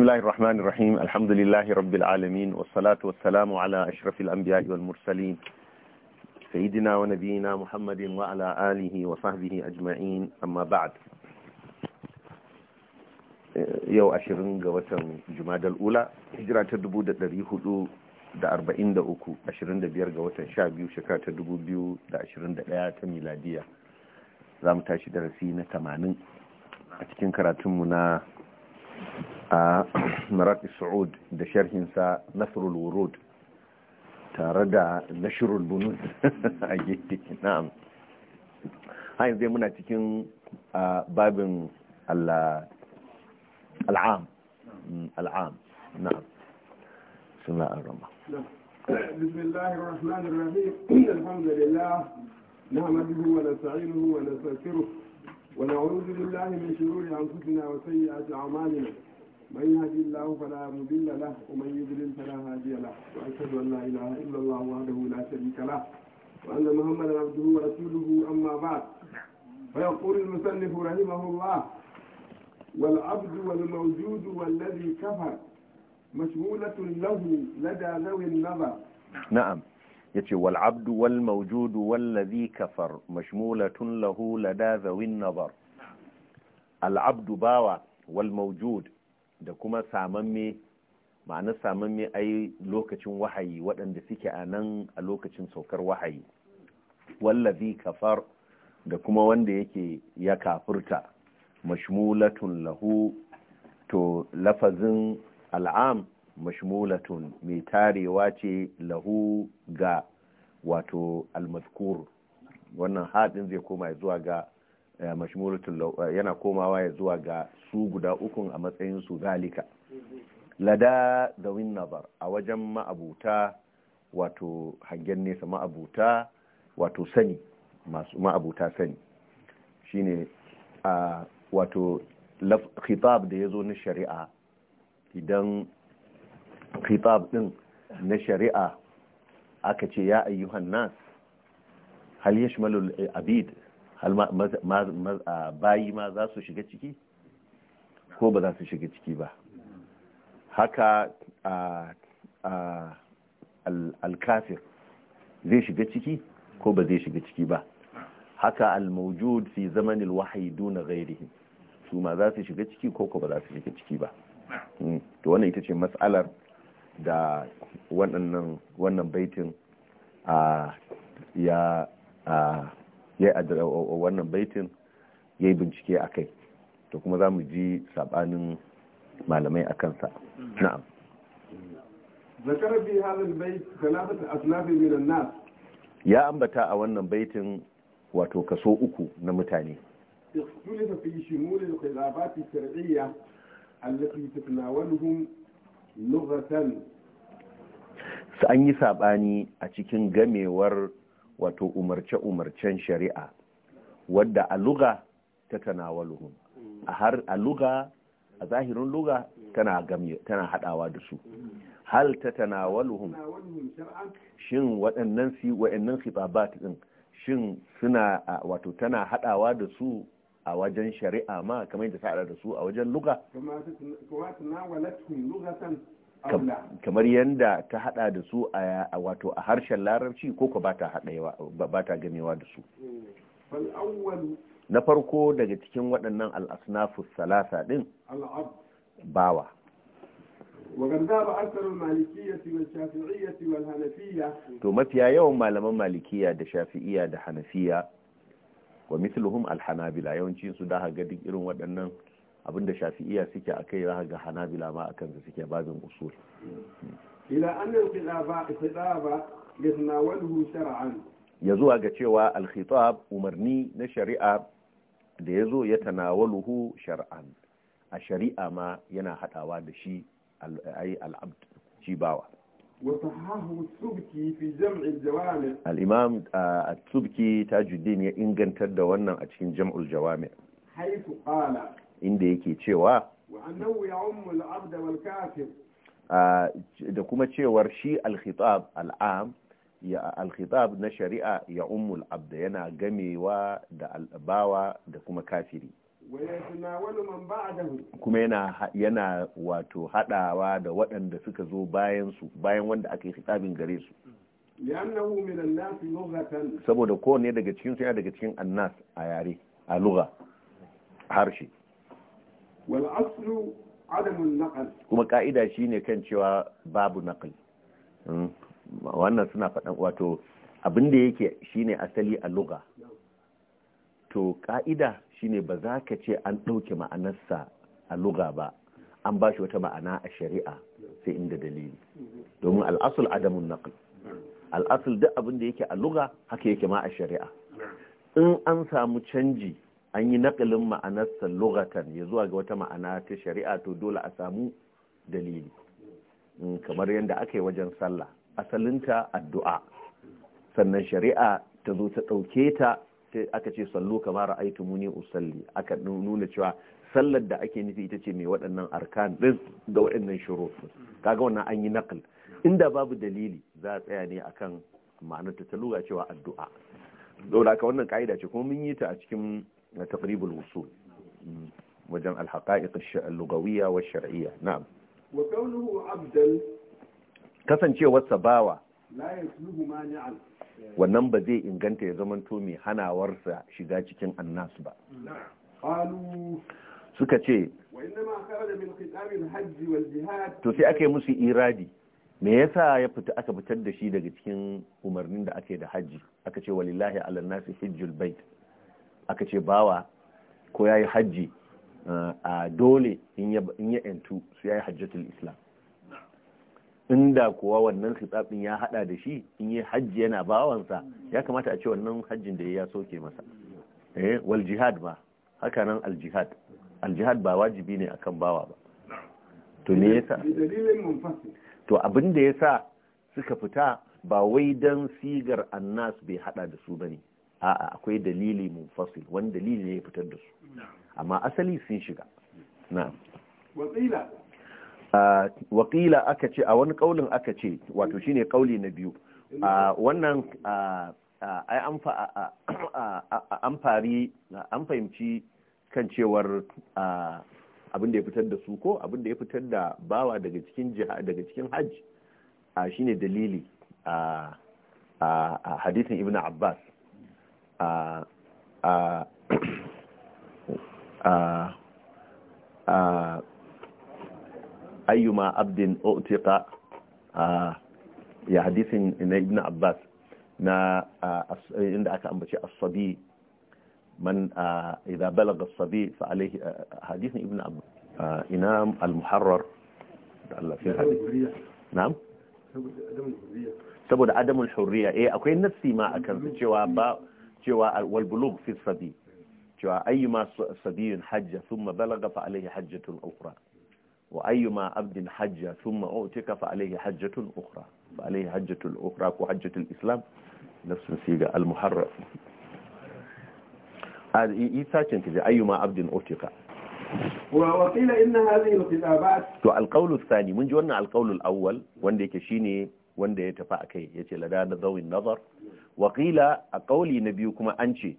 بسم الله الرحمن الرحيم الحمد لله رب العالمين والصلاة والسلام على أشرف الأنبياء والمرسلين سيدنا ونبينا محمد وعلى آله وصحبه أجمعين أما بعد يو أشرين قوة جماد الأولى هجرة تدبو دريه دو da arba'in da uku ashirin da biyar ga watan sha biyu shekara ta dubu biyu da ashirin da ɗaya ta miladiya za mu tashi darasi na tamanin a cikin karatunmu na a maraki sa'ud da sharhinsa nasrul wurud tare da nashirul bunut a gefe na'am hanyar zai muna cikin babin al'am mm, al'am na'am suna an rama ونستعينه ونستغفره ونعوذ بالله من شرور انفسنا وسيئات اعمالنا من يهدي الله فلا مضل له ومن يضلل فلا هادي له وأشهد أن لا إله إلا الله وحده لا شريك له وأن محمدا عبده ورسوله أما بعد فيقول المصنف رحمه الله والعبد والموجود والذي كفر مشمولة له لدى ذوي النظر نعم يتي والعبد والموجود والذي كفر مشمولة له لدى ذوي النظر العبد باوى والموجود da kuma samamme ma'anar samamme ai lokacin wahayi waɗanda suke a nan a lokacin saukar wahayi wallazi kafar da kuma wanda yake ya kafurta mashmulatun lahu to lafazin al'am mashmulatun mai tarewa ce lahu ga wato almazkur wannan haɗin zai koma zuwa ga eh, mashmulatun yana komawa ya zuwa ga su guda ukun a matsayin su zalika lada da nazar a wajen ma'abuta wato hangen nesa ma'abuta wato sani masu ma'abuta sani shine a wato khitab da ya zo na shari'a idan khitab din na shari'a aka ce ya ayyuhan nas hal yashmalul abid hal bayi ma za su shiga ciki ko ba za su shiga ciki ba haka alkafir zai shiga ciki ko ba zai shiga ciki ba haka almaujud fi zamanin wahayi duna gairihi su ma za su shiga ciki ko ko ba za su shiga ciki ba hmm. to wannan ita ce matsalar da wannan baitin ya ya wannan baitin ya yi bincike a kai to kuma za mu ji sabanin malamai a kansa na'am zakar bi halin bai galabata asnafi minan nas ya ambata a wannan baitin wato kaso uku na mutane اختلف في شمول الخلافات الشرعية التي تتناولهم لغة an yi saɓani a cikin gamewar wato umarce-umarcen shari'a wadda a luga ta tanawaluhun a har a luga a zahirin luga tana gamye tana hadawa da su hal ta tanawaluhum shin waɗannan si waɗannan khitabat din shin suna wato tana hadawa da su a wajen shari'a ma kamar yadda ta da su a wajen luga kamar yadda ta hada da su a wato a harshen larabci ko ko ba ta gamewa da su hmm. na farko daga cikin waɗannan al'asnafus salasa ɗin bawa to mafiya yawan malaman malikiya da shafi'iya da hanafiya wa misluhum alhanabila yawanci su da ga duk irin waɗannan abinda shafi'iya suke a kai za ga hanabila ma a kansu suke babin usul ila annan khilaba khilaba yatnawalhu shar'an ya zuwa ga cewa alkhitab umarni na shari'a da ya zo ya tanawaluhu shar'an a shari'a ma yana haɗawa da shi al'abd shi bawa al'imam a tsubki tajuddin ya ingantar da wannan a cikin jam'ul jawami inda yake cewa da kuma cewar shi al-khitab al'am ya alkhitab na shari'a ya ummul abda yana gamewa da albawa da kuma kafiri kuma yana yana wato hadawa da waɗanda suka zo bayan su bayan wanda aka yi khitabin gare su saboda kowane daga cikin su yana daga cikin annas a yare a lugha harshe wal aslu adamun naqal kuma ka'ida shine kan cewa babu naqal hmm. wannan suna faɗan wato abin da yake shine asali a luga to ka'ida shine ba za ka ce an ɗauke ma'anarsa a luga ba an ba shi wata ma'ana a shari'a sai inda dalili domin al'asul adamun naql al'asul duk abin da yake a luga haka yake ma a shari'a in an samu canji an yi naƙilin ma'anarsa lugatan ya zuwa ga wata ma'ana ta shari'a to dole a samu dalili hmm, kamar yadda aka yi wajen sallah asalinta addu'a sannan shari'a ta zo ta ɗauke ta sai aka ce sallu kamar ra'aitu muni usalli aka nuna cewa sallar da ake nufi ita ce mai waɗannan arkan ɗin da waɗannan shuruf kaga wannan an yi naql inda babu dalili za a tsaya ne akan ma'anar ta taluga cewa addu'a dole aka wannan ka'ida ce kuma mun yi ta a cikin taqribul wusul wajen al al-lughawiyya wa shar'iyya na'am wa qawluhu kasancewarsa bawa wannan ba zai inganta ya zamanto mai hanawarsa shiga cikin annas ba suka ce to sai aka yi musu iradi me yasa ya fita aka fitar da shi daga cikin umarnin da aka yi da hajji aka ce walillahi ala nasi hijjul bait aka ce bawa ko ya yi hajji uh, a dole in ya yantu su ya yayi hajjatul islam inda kuwa wannan khitsabin ya hada da shi in yi hajji yana bawansa ya kamata a ce wannan hajjin da ya soke masa eh wal jihad ba, haka nan al jihad al jihad ba wajibi ne akan bawa ba to me yasa to abin da yasa suka fita ba wai dan sigar annas bai hada da su bane a'a akwai dalili munfasil wani dalili ne ya fitar da su amma asali sun shiga na'am wakila aka ce a wani kaulin aka ce wato shine kauli na biyu wannan ai an fahimci kan cewar abin da ya fitar da su ko abin ya fitar da bawa daga cikin daga cikin hajji shine dalili a hadisin ibn abbas a أيما عبد أؤتق آه، يا حديث ابن عباس نا آه، عندك أمبتي الصبي من آه، إذا بلغ الصبي فعليه حديث ابن عباس إنام المحرر الله في الحديث نعم سبب عدم الحرية اي أكوين نفسي ما أكن جوا با والبلوغ في الصبي جوا أيما صبي حج ثم بلغ فعليه حجة أخرى wa ayyuma abdin hajja thumma utika fa alayhi hajjatun ukhra fa alayhi hajjatul ukhra ko hajjatul islam nafsun siga al muharraf yi sacin ta ayyuma abdin utika al qawl al thani mun ji wannan al qawl al awwal wanda yake shine wanda ya tafi akai yace lada da zawin nazar qila a qawli na biyu kuma an ce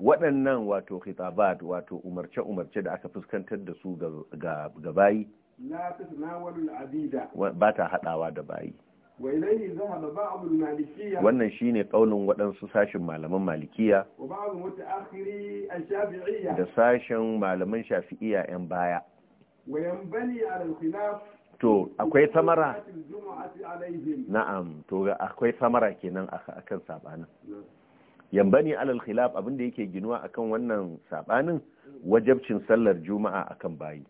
waɗannan wato khitabat wato umarce-umarce da aka fuskantar da su ga bayi ba ta haɗawa da bayi wannan shi ne ƙaunin waɗansu sashen malaman malikiya da sashen malaman shafi'iya 'yan baya to akwai samara na'am to akwai samara kenan akan sabanin yambani alal khilaf abin da yake ginuwa akan wannan sabanin wajabcin sallar juma'a akan bayi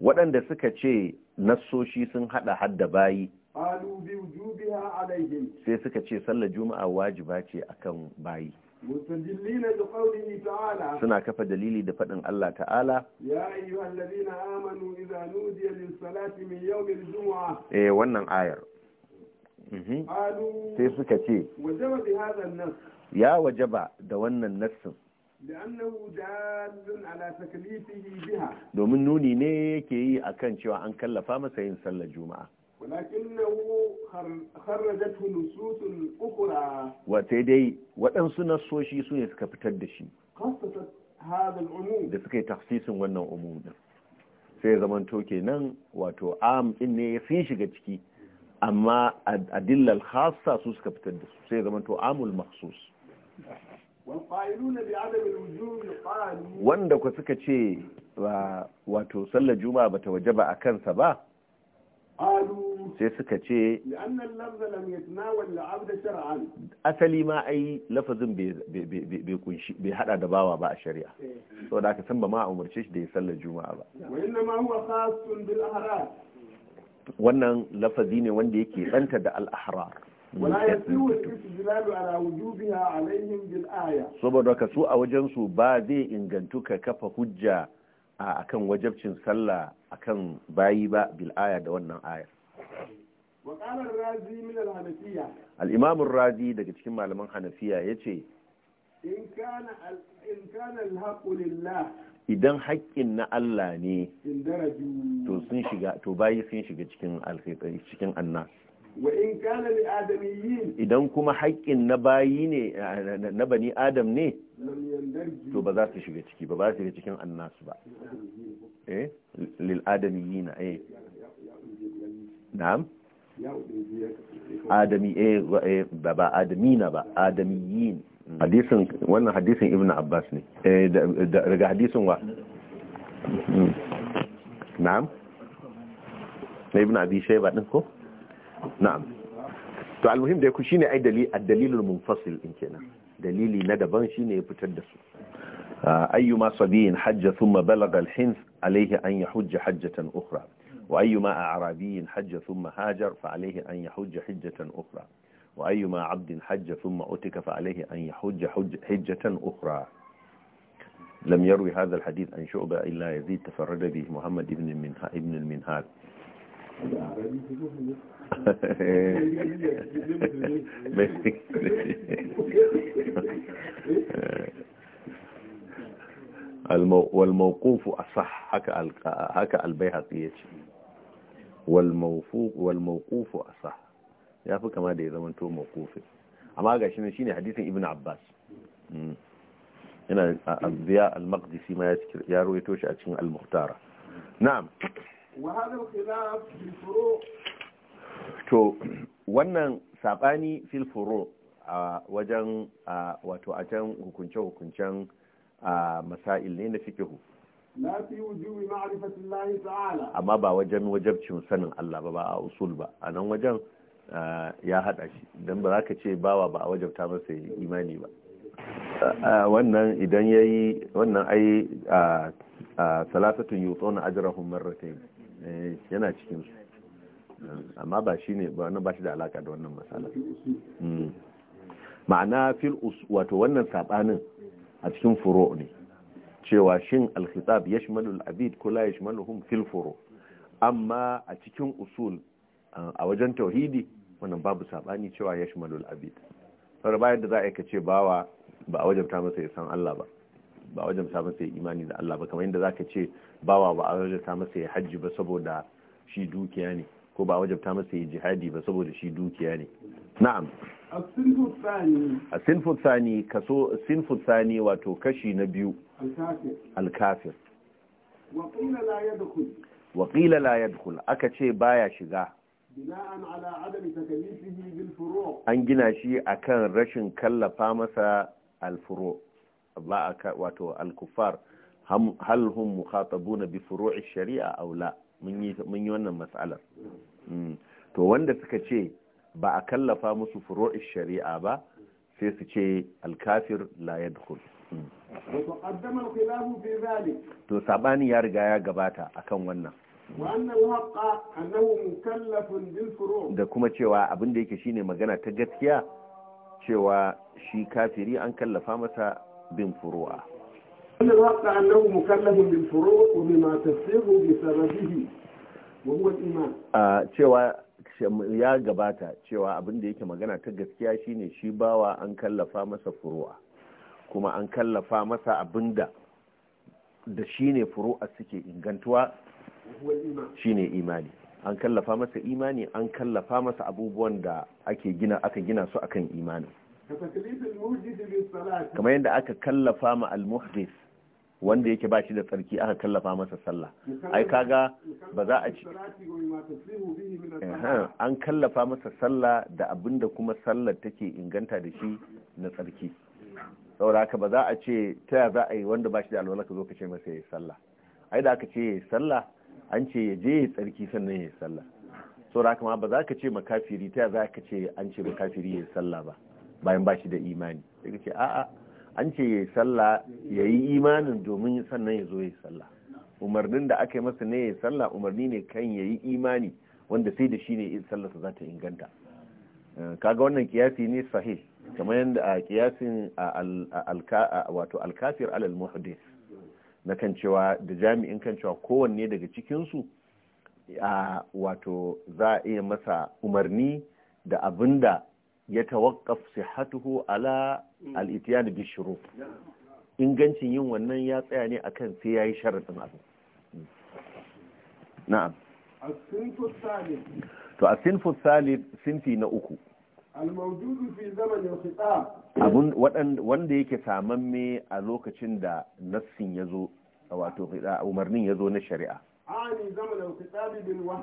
waɗanda suka ce nassoshi sun hada hadda bayi sai suka ce sallar juma'a wajiba ce akan bayi suna kafa dalili da faɗin Allah ta'ala ya ayyuhallazina amanu idza nudiya lis-salati min yawmil jumu'ah eh wannan ayar Mhm. sai suka ce ya waje ba, da wannan nassin domin nuni ne yake yi a kan cewa an kallafa masa yin sallar juma'a wata dai waɗansu nassoshi su ne suka fitar da shi da suka yi tafsisin wannan umu. sai zamanto nan wato am ɗin ne ya fi shiga ciki amma a dillal hasa su suka fitar da su sai zama to amul maksus wanda ku suka ce wato sallar juma'a waje ba a kansa ba sai suka ce asali ma ai lafazin bai hada da bawa ba a shari'a eh. saboda aka san ba ma a umarce shi da ya sallar juma'a ba wannan lafazi ne wanda yake tsanta da al-ahrar saboda ka su a wajensu ba zai ingantu ka kafa hujja a akan wajabcin sallah akan bayi ba bil'aya da wannan ayar al-imam razi daga cikin malaman hanafiya ya ce idan haƙƙin na Allah ne to sun shiga to bayi sun shiga cikin alkhairai cikin annas idan kuma haƙƙin na bayi ne na bani adam ne to ba za su shiga ciki ba ba su shiga cikin annas ba eh lil adamiyina eh na'am adami eh, eh ba ba adamina ba adamiyin Mm. hadisin wannan hadisin ibn abbas ne eh, daga hadisin wa mm. na'am na ibn abi shayba din ko na'am to almuhim da ku shine ai dalil ad-dalilul munfasil in kenan dalili na daban shine ya fitar da su ah, ayyuma sabiyin hajja thumma balagha al-hins alayhi an yahujja hajjatan ukhra wa ayyuma a'rabiyin hajja thumma hajar fa alayhi an yahujja hajjatan ukhra وأيما عبد حج ثم أتك فعليه أن يحج حج حجة أخرى لم يروي هذا الحديث عن شعبة إلا يزيد تفرد به محمد بن المنها ابن المنهال والموقوف أصح هكا البيهقي والموقوف أصح ya fi kama da ya zama to kofi. amma ga shi ne shine hadisin ibn abbas mm. yana azziya al-maqdisi ma ya roye shi a cikin al-muhtara na'am furu' to wannan sabani fil furu' a wajen wato a can hukunce hukuncen masail ne na fikihu amma ba wajen wajabcin sanin Allah ba ba a usul ba a nan wajen ya haɗa shi don ba za ka ce bawa ba a wajabta masa imani ba wannan idan ya yi wannan ai salatatun yi tsohon ajirahun eh, yana cikinsu amma ba shi ne ba shi da alaka da wannan matsala hmm. ma'ana fil wato wannan saɓanin a cikin furo ne cewa shin alkhitab ya malul Abid, ko la ya shimalu fil furo amma a cikin usul a wajen tauhidi wannan babu sabani cewa ya shimalul abid saboda bayan da za a kace bawa ba a ta masa ya san Allah ba ba a wajen ta masa ya imani da Allah ba kamar yadda za ka ce bawa ba a wajen ta masa ya hajji ba saboda shi dukiya ne ko ba a wajen ta masa ya jihadi ba saboda shi dukiya ne na'am A asinfu tsani kaso sinfu tsani wato kashi na biyu alkafir wakila la yadkhul aka ce baya shiga an gina shi akan rashin kallafa masa alfuro wato alkufar halhun hum na bi furu'i shari'a a la mun yi wannan matsalar hmm. to wanda suka ce ba a kallafa musu furo shari'a ba sai su ce alkafir la yadkhul hmm. to saɓani ya riga ya gabata akan wannan da kuma cewa abin da yake shine magana ta gaskiya cewa shi kafiri an kallafa masa bin furu'a أن الواقع أنه مكلف بالفروع وبما تفسره بسببه وهو الإيمان cewa ya gabata cewa abin da yake magana ta gaskiya shine shi bawa an kallafa masa furuwa kuma an kallafa masa abinda da shi ne furu'a suke ingantuwa ne imani an kallafa masa imani an kallafa masa abubuwan da ake gina aka gina su akan imanin kamar yadda aka kallafa ma al-muhdis wanda yake ba shi da tsarki aka kallafa masa sallah ai kaga ba za a ci an kallafa masa sallah da abinda kuma sallar take inganta da shi na tsarki saboda haka ba za a ce ta za a yi wanda ba shi da alwala ka zo ka ce masa yayi sallah ai da aka ce sallah an ce ya je ya tsarki sannan ya sallah saboda da ba za ka ce makafiri ta za ka ce an ce makafiri ya sallah ba bayan ba shi da imani sai ka ce a'a an ce ya sallah ya yi imanin domin sannan ya zo ya sallah umarnin da aka yi masa ne ya sallah umarni ne kan ya yi imani wanda sai da shi ne sallarsa za ta inganta eh, kaga wannan kiyasi ne sahih kamar yadda a kiyasin wato alkafir alal muhaddis na kan cewa da jami'in kan cewa kowanne daga cikinsu a wato za a iya masa umarni da abin da ya tawakkaf sihatuhu ala al da bi ingancin yin wannan ya tsaya ne a kan sai ya yi sharaɗin abu na'am to a sinfu salif sinfi na uku abun wanda yake samamme a lokacin da nassin ya zo wato umarnin ya zo na shari'a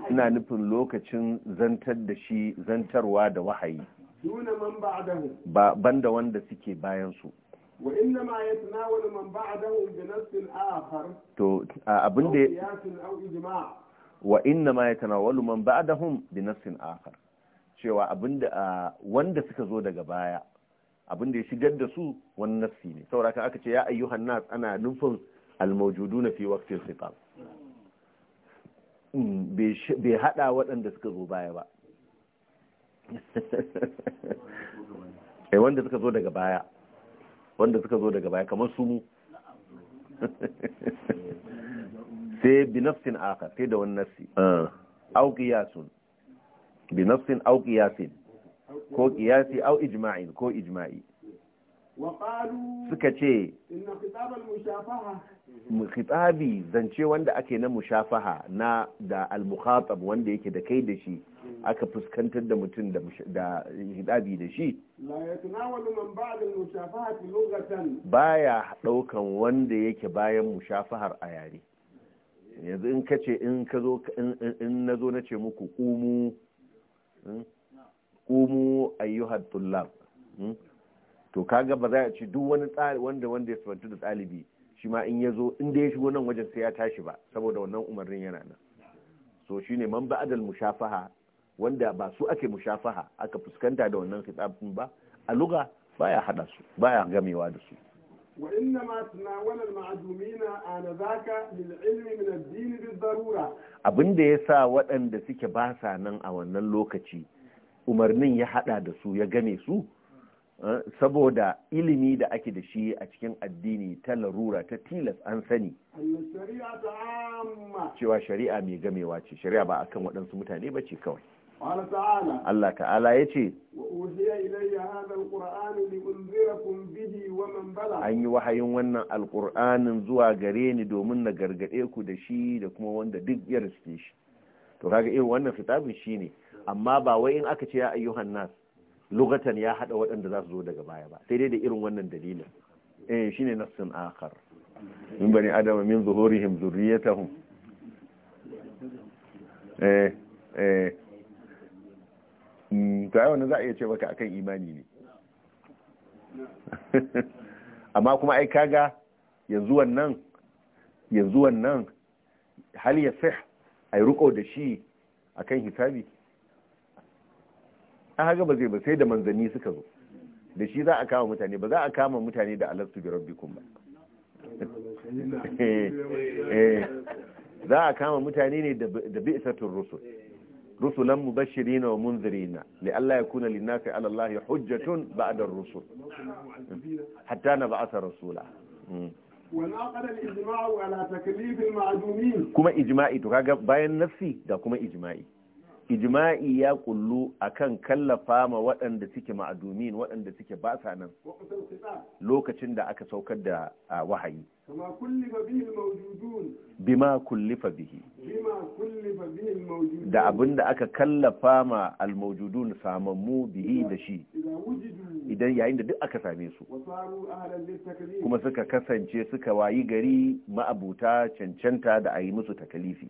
ina nufin lokacin zantar da shi zantarwa da wahayi ba banda wanda suke bayan su وإنما يتناول من بعدهم بنفس آخر تو أبن دي أو إجماع cewa abinda wanda suka zo daga baya abinda ya shigar da su wani nafsi ne saboda aka ce ya ayyuhan nas ana nufin almawjuduna fi waqtil khitab bai hada waɗanda suka zo baya ba eh wanda suka zo daga baya wanda suka zo daga baya kamar su mu sai binafsin nafsin aka sai da wani nafsi au qiyasun bi au qiyasin ko qiyasi au ijma'in ko ijma'i suka ce khitabi zance wanda ake na mushafaha na da al-mukhatab wanda yake da kai da shi aka fuskantar da mutum da hidabi da shi baya daukan wanda yake bayan mushafahar a yare yanzu in ka ce in ka zo in na zo na ce muku kumu kumu hm, ayyuhat tullab hm, to kaga ba za a ci duk wani tsari wanda wanda ya sabantu da ɗalibi shi ma in ya zo in da ya shigo nan wajen sai ya tashi ba saboda wannan umarnin yana nan so shi ne, man ba'adal mushafaha wanda ba su ake mushafaha aka fuskanta da wannan kitabun ba a luga baya hada su baya gamewa da su وإنما تناول المعدومين min للعلم من الدين بالضرورة abin da ya sa waɗanda suke ba sa nan a wannan lokaci umarnin ya haɗa da su ya game su Eh, saboda ilimi da ake da shi a cikin addini ta larura ta tilas an sani cewa shari'a mai gamewa ce shari'a ba a kan waɗansu mutane ba ce kawai Allah ta'ala ya ce an yi wahayin wannan alƙur'anin zuwa gare ni domin na gargaɗe ku da shi da kuma wanda duk ya shi to kaga irin wannan fitabin shi ne amma ba wai in aka ce ya ayyuhan nas lugatan ya hada waɗanda za su zo daga baya ba sai dai da irin wannan dalilin eh shine nassin akhar min bani adama min zuhurihim zurriyatahum eh eh mm, to ai wannan za a iya ce baka akan imani ne amma kuma ai kaga yanzu wannan yanzu wannan hal ya sih ai ruko da shi akan hisabi a haka ba zai ba sai da manzanni suka zo da shi za a kama mutane ba za a kama mutane da alastu bi rabbikum ba eh, eh. za a kama mutane ne da bi bi'satul rusul rusulan mubashirina wa munzirina li ya kuna lina ala Allah hujjatun ba'da ar-rusul hatta na ba'atha rasula hmm. kuma ijma'i to kaga bayan nafsi da kuma ijma'i ijma'i ya kullu akan kallafa ma waɗanda suke ma'adumin waɗanda suke ba sa nan lokacin da aka saukar da wahayi bima kullifa bihi da abin da aka kallafa ma almaujudun samammu bihi da shi idan yayin da duk aka same su kuma suka kasance suka wayi gari ma'abuta cancanta da a yi musu takalifi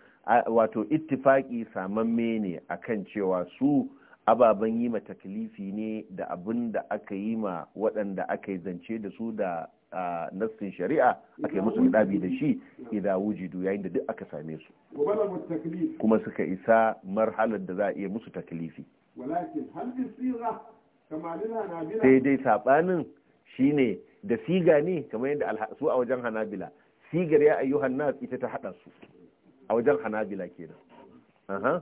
wato ittifaki samamme ne akan cewa su ababen yi ma taklifi ne da abin da aka yi ma waɗanda aka yi zance da su da nassin shari'a aka yi musu daɗi da shi idan wujidu yayin da duk aka same su kuma suka isa marhalar da za a iya musu taklifi sai dai saɓanin shine da siga ne kamar yadda su a wajen hanabila sigar ya ayyuhan nas ita ta haɗa su a wajen hanabila kenan nan.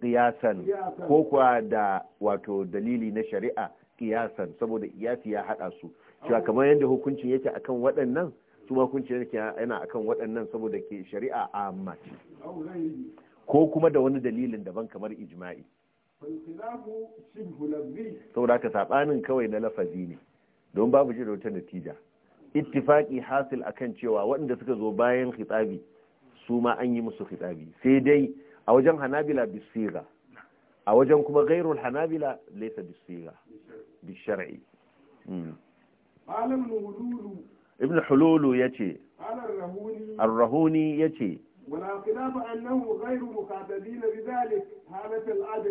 Ƙiyasan ko kuwa da wato dalili na shari'a kiyasan saboda kiyasi ya haɗa su cewa kamar yadda hukuncin yake akan waɗannan su ma hukuncin yake yana akan waɗannan saboda ke shari'a a mace. ko kuma da wani dalilin daban kamar ijma'i saboda haka saɓanin kawai na lafazi ne don babu jira wata natija ittifaki hasil akan cewa waɗanda suka zo bayan khitabi su ma an yi musu khitabi sai dai a wajen hanabila bisira a wajen kuma gairul hanabila laisa bisira bishar'i hmm. ibn hululu ya ce arrahuni ya ce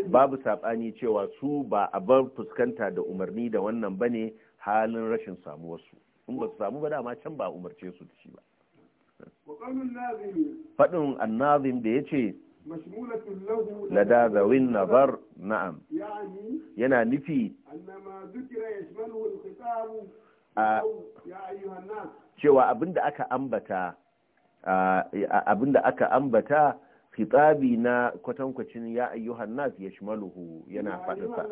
babu saɓani cewa su ba a bar fuskanta da umarni da wannan bane halin rashin samuwarsu in ba su samu ba dama can ba umarce su da shi ba faɗin annazin da ya ce lada na bar na'am yana nufi cewa abinda aka ambata abinda aka ambata khitabi na kwatankwacin ya ayyuhan nas ya shimaluhu yana faɗinsa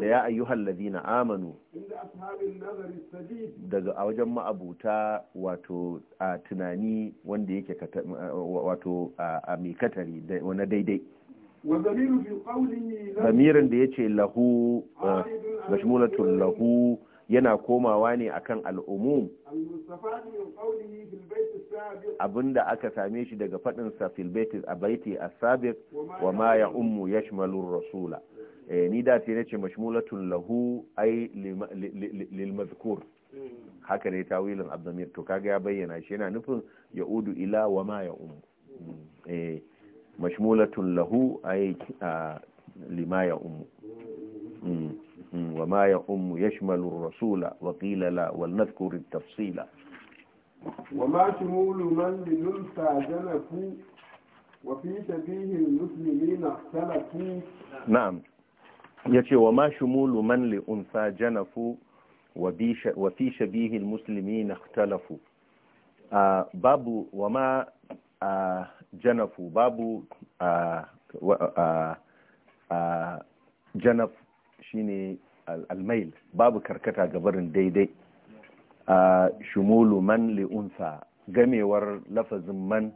da ya ayyuhan ladina amanu daga a wajen ma'abuta wato a tunani wanda yake wato a mai katari wani daidai zamirin da ya ce lahu mashmulatun lahu yana komawa ne akan al'umum abinda aka same shi daga sa filbetis a baiti a sabiq wa ma ya ummu ya rasula eh, ni da sai na ce mashmulatun lahu ai lilmazkur haka ne tawilin abdamir to kaga ya bayyana shi yana nufin ya udu ila wa ma ya ummu hmm. eh, mashmulatun lahu ai lima ya ummu hmm. وما يؤم يشمل الرسول وقيل لا ولنذكر التفصيل وما شمول من للأنثى جنكو وفي تبيه المسلمين اختلفوا نعم يتي وما شمول من لأنثى جنفوا وفي شبيه المسلمين اختلفوا آه باب وما آه جنفوا باب آه, آه،, آه، جنف shine almail babu karkata ga barin daidai a shumulu man li'unsa gamewar lafazin man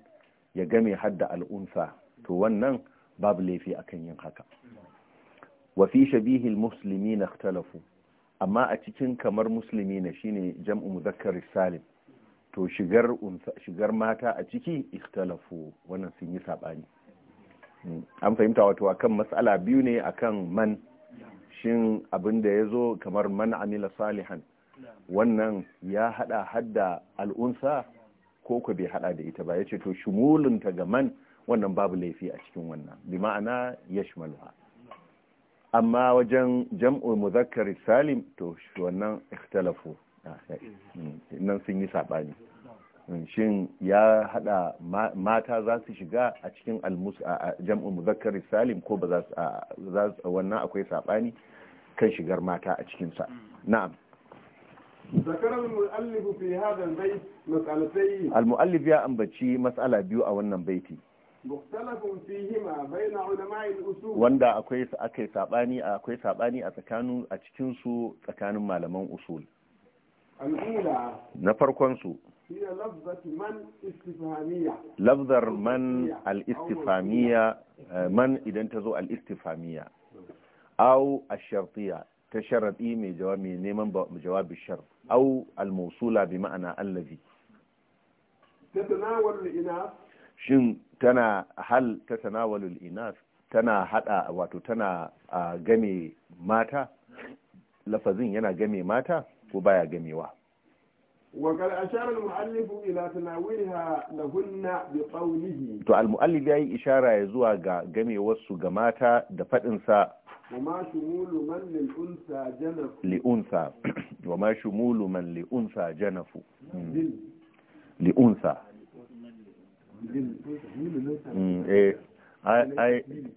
ya game hadda al'unsa to wannan babu laifi akan yin haka wa fi musulmi na talafu amma a cikin kamar musulmi na shine jam'u muzakkar salim to shigar mata a ciki ikhtalafu wannan sun yi saɓani. Hmm. an fahimta wato akan matsala biyu ne akan man shin abin da ya zo kamar man amila salihan wannan ya hada hadda al'unsa ko ku bai hada da ita ba ya ce to shumulunta ga man wannan babu laifi a cikin wannan bi ma'ana ya shimalwa amma wajen jam'u muzakkar salim to wannan ikhtalafu ah, eh, hmm, nan sun yi saɓani hmm, shin ya hada mata za su shiga a cikin jam'u muzakkar salim ko ba za su wannan akwai saɓani kan shigar mata a cikinsa na'am al-mu'allif ya ambaci matsala biyu a wannan baiti wanda akwai akai sabani akwai sabani a tsakanin a cikin su tsakanin malaman usul na farkon su lafzar man al-istifhamiya eh, man idan ta zo al-istifhamiya au ashartiya ta sharaɗi mai jawabi neman jawabi shar au almusula bi ma'ana allazi shin tana hal ta tanawalul inas tana hada wato tana game mata lafazin yana game mata ko baya gamewa وقد أشار المؤلف إلى تناولها لهن بقوله. تو المؤلف يأي إشارة يزوى جميع وسو جماتا دفت إنسا وما شمول من للأنثى جنف لأنثى وما شمول من لأنثى جنف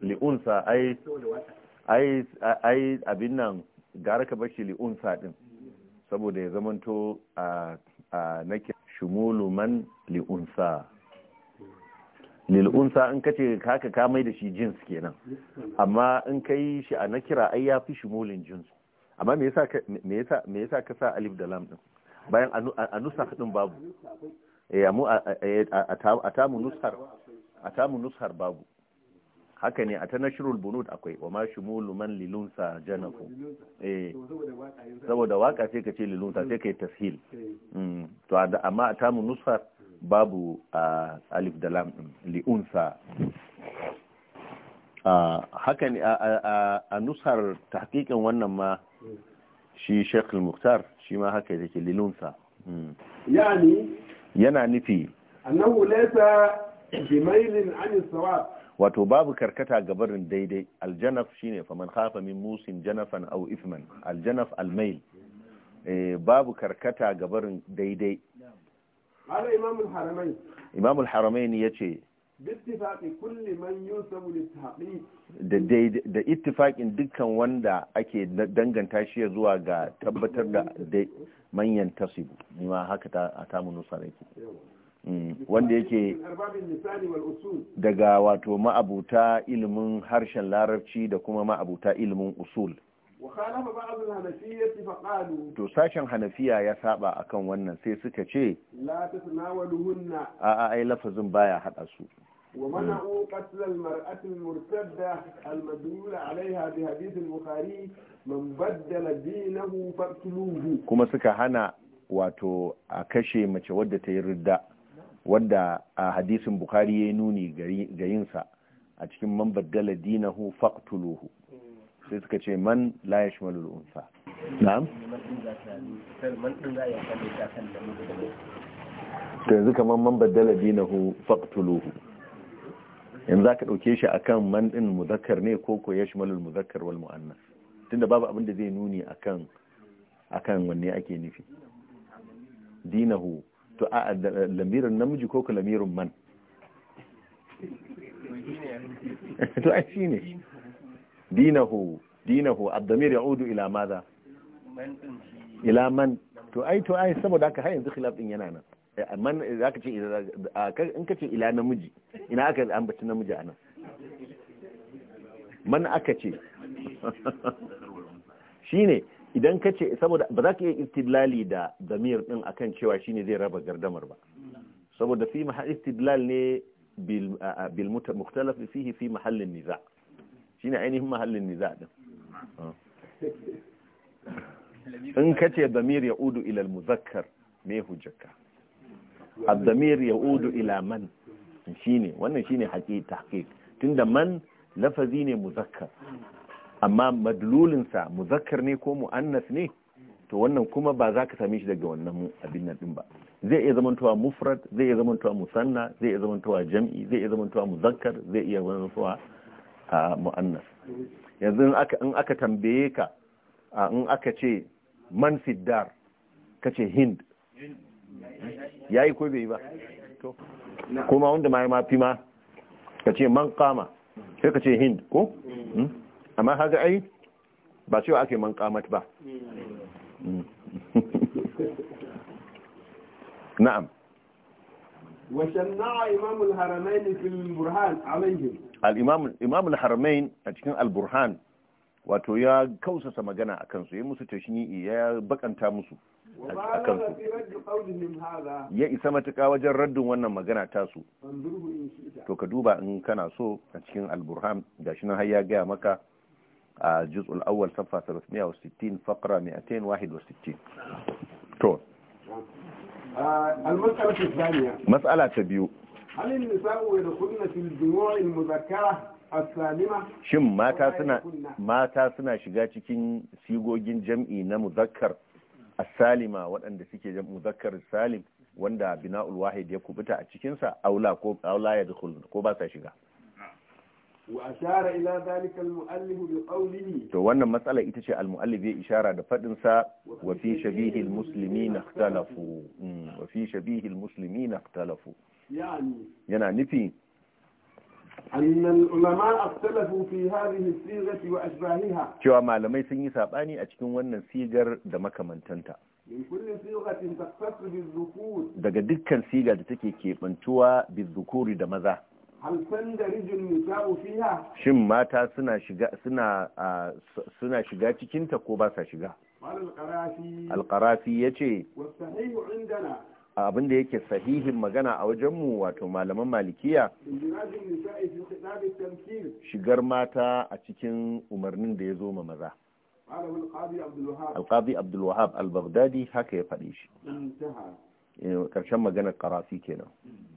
li'unsa ai ai ai abin nan gara ka bashi li'unsa din saboda ya zamanto a nake Shimuluman man li'unsa lil'unsa in ka ce haka ka mai da shi jins kenan amma in ka yi shi a na kira ai ya fi shimolin jins amma me yasa ka sa alif da lam din bayan a nusa din babu eh, eh, a tamu nusar babu haka ne a ta nashirul bunut akwai wa ma shimolu man lilunsa janaku eh, saboda waka sai ka ce lilunsa sai ka yi tashil mm, amma a tamu nusar. babu a alif da lam mm, li'unsa haka ne a nusar tahqiqin wannan ma shi Sheikh al-Mukhtar shi ma haka yake lilunsa mm. yani yana nufi annahu laysa bimailin an sawab wato babu karkata ga barin daidai aljanaf shine faman khafa min musin janafan aw ithman aljanaf almail eh, babu karkata ga barin daidai قال haramai ne ya ce. da ittifaƙin dukkan wanda ake danganta shi zuwa ga tabbatar da manyan tasibu ma haka ta a tamu nusa yake mm. wanda yake daga wato ma'abuta ilimin harshen larabci da kuma ma'abuta ilimin usul To sashen hanafiya ya saɓa a kan wannan sai suka ce, La ta sinawa A ai lafazin baya haɗa su. Wa mana un ƙasar mar'atin murtadda almadula alaiha bi hadisin Bukhari man baddala dinahu fatuluhu. Kuma suka hana wato a kashe mace wadda ta yi ridda wadda a hadisin Bukhari ya nuni ga yinsa a cikin man baddala dinahu fatuluhu. sai suka ce man la ya shimalul unsa na'am to yanzu kamar man baddala dinahu faqtuluhu yanzu ka dauke shi akan man din muzakar ne ko ko yashmalul muzakar wal muannas tunda babu abin da zai nuni akan akan wanne ake nufi dinahu to a lamirin namiji ko lamirin man to ai shine dinahu dinahu ad-damir ya'udu ila madha ila man to ai to ai saboda haka har yanzu khilaf din yana nan eh, man zaka ce in ka ce ila namiji ina aka ambaci namiji anan man aka ce shine idan ka ce saboda ba za ka iya istidlali da damir din akan cewa shine zai raba gardamar ba saboda fi ma istidlal ne bil mukhtalaf fihi fi mahallin niza' ne ainihin mahallin niza ɗin in ce damir ya udu ilal muzakkar mai hujjaka ad-damir ya udu ila man shine wannan shine haqiqa tun tunda man lafazi ne muzakkar amma madlulinsa muzakkar ne ko mu'annas ne to wannan kuma ba za ka same shi daga wannan abin nan din ba zai iya zamantowa mufrad zai iya zamantowa musanna zai iya zamantowa jam'i zai iya zamantowa muzakkar zai iya zamantowa a mu'annas yanzu in aka tambaye ka in aka ce man fiddar ka ce hind ya yi ko bai yi ba kuma wanda ma ya mafi ma ka ce man kama sai ka ce hind ko hmm? amma haka ai ba cewa ake man kamat ba hmm. na'am وشنع إمام a cikin alburhan wato ya kausasa magana a kansu ya musu tashni'i ya bakanta musu a kansu ya isa matuƙa wajen raddin wannan magana tasu to ka duba in kana so a cikin alburhan gashi nan har ya gaya maka a juz'ul awwal safa 360 faqra 261 to matsala ta biyu shin mata suna shiga cikin sigogin jam'i na muzakkar asalima wadanda suke muzakkar salim wanda bina'ul wahid ya kubuta a cikinsa aula ya dukul ko ba sa shiga وأشار إلى ذلك المؤلف بقوله تو wannan matsala ita ce al-muallif ya ishara da fadin sa wa fi shabihi al-muslimin ikhtalafu mm, wa fi shabihi al-muslimin ikhtalafu yani yana nufi أن العلماء اختلفوا في هذه الصيغة وأشباهها cewa malamai sun yi sabani a cikin wannan sigar da makamantanta daga dukkan sigar da take keɓantuwa bizukuri da maza shin mata suna shiga suna suna shiga cikinta ko ba sa shiga alqarafi yace abin da yake sahihin magana a wajenmu wato malaman malikiya shigar mata a cikin umarnin da ya zo ma maza alqadi abdulwahab al-baghdadi haka ya faɗi shi eh, ƙarshen maganar karafi kenan hmm.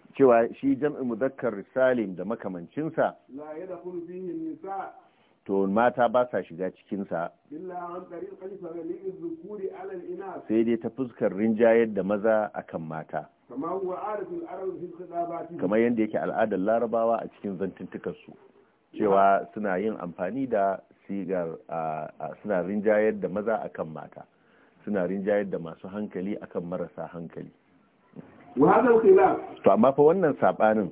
cewa shi jam'in muzakkar salim da makamancinsa to mata ba sa shiga cikinsa sai dai ta fuskar rinjayar da maza akan mata kamar yadda yake al'adar larabawa a cikin su cewa suna yin amfani da sigar suna rinjayar da maza akan mata suna rinjayar da masu hankali akan marasa hankali to amma fa wannan sabanin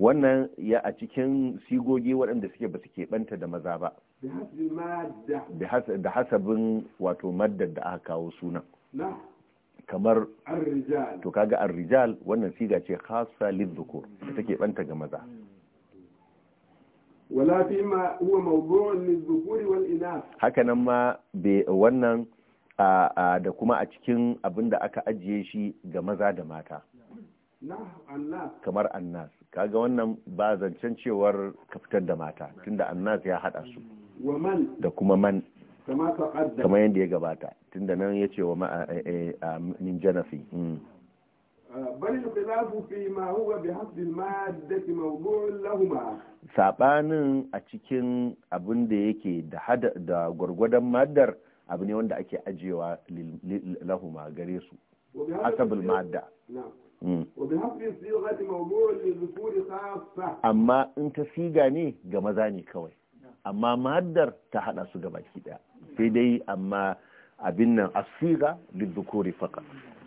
wannan ya a cikin sigogi waɗanda suke ba su keɓanta da maza ba da hasabin wato maddar da aka kawo sunan kamar to kaga ar-rijal wannan siga ce khasa lizukur da take banta ga maza wala fi ma huwa mawdu'un lizzukuri wal inath haka nan ma wannan da kuma a cikin abin da aka ajiye shi ga maza da mata kamar annas kaga wannan ba zancen cewar ka fitar da mata tunda annas ya hada su da kuma man kamar yadda ya gabata tunda nan ya ce wa min janafi hmm. Saɓanin ma huwa bi a cikin abin da yake da da gwargwadon maddar abu ne wanda ake ajiyewa lahuma gare su asabul madda mm. amma in ta siga ne ga maza ne kawai amma maddar ta hada su ga baki daya sai dai amma abin nan asiga lidhukuri faka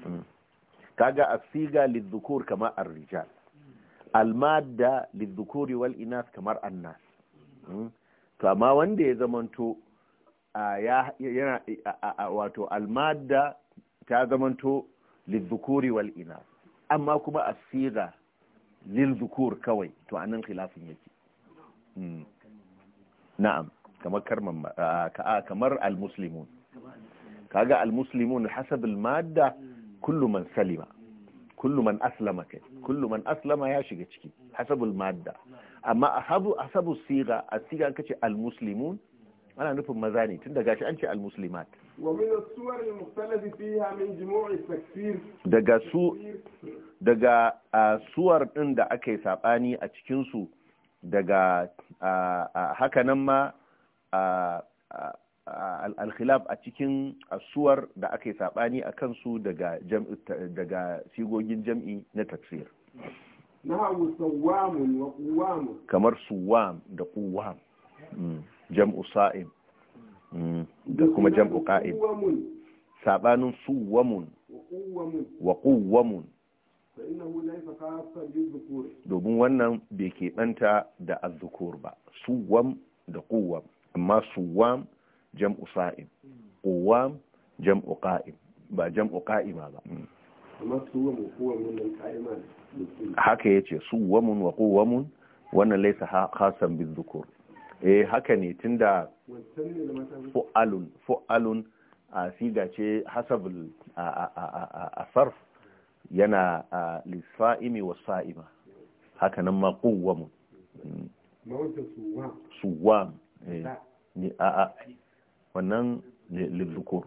mm. kaga asiga lidhukur kama ar-rijal al lidhukuri wal inas kamar annas mm. to amma wanda ya zamanto yana wato almada ta zamanto lizukuri wal ina amma kuma asiga lizukur kawai to anan khilafin yake hmm. na'am kamar karman kamar almuslimun kaga almuslimun hasab almada kullu man salima kullu man aslama kai kullu man aslama ya shiga ciki hasab almada amma ahabu asabu siga asiga kace almuslimun ana nufin maza ne tun daga shi an ce al-muslimat daga su daga suwar din da aka yi sabani a cikin su daga hakanan ma al-khilaf a cikin suwar da aka yi sabani a kansu daga daga sigogin jam'i na tafsir kamar suwam da kuwam hmm. jam'u sa'im mm, da kuma jam'u qa'id sabanin suwamun wa quwwamun domin wannan bai keɓanta da azzukur ba suwam da quwwam amma suwam jam'u sa'im quwwam jam'u qa'im ba jam'u qa'ima ba mm. haka yace suwamun wa quwwamun wannan laysa khasan bizukur eh haka ne tunda fu'alun fu'alun a siga ce hasabul a sarf yana a lisfa'imi wa sa'ima haka nan ma kuwamu mm. suwam eh. ne a a wannan lilzukur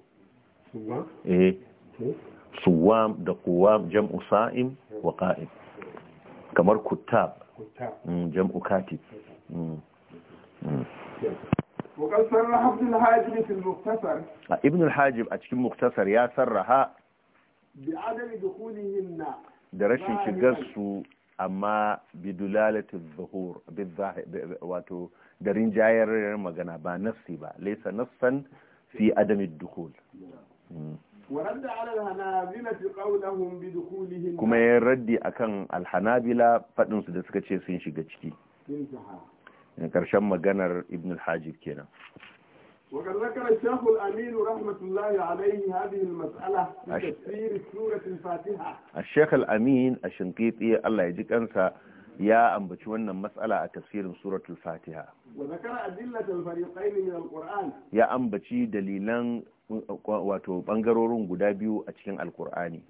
eh suwam da kuwam jam'u sa'im wa qa'im kamar kuttab mm, jam'u katib mm. وقد صرح ابن a cikin muktasar ya sarraha أتكلم مختصر يا صرح بعدم دخولهن da rashin shigarsu amma bidulalatin zuhur wato da rinjayar magana ba nassi ba laisa nassan fi adami dukul kuma ya raddi akan alhanabila faɗinsu da suka ce sun shiga ciki karshen maganar ibn al-hajib kenan وقد ذكر الشيخ الأمين رحمة الله عليه هذه المسألة في تفسير سورة الفاتحة الشيخ الأمين الشنقيطي الله يجيك أنسى يا أم بتشونا مسألة تفسير سورة الفاتحة وذكر أدلة الفريقين من يا wato bangarorin guda biyu a cikin alkur'ani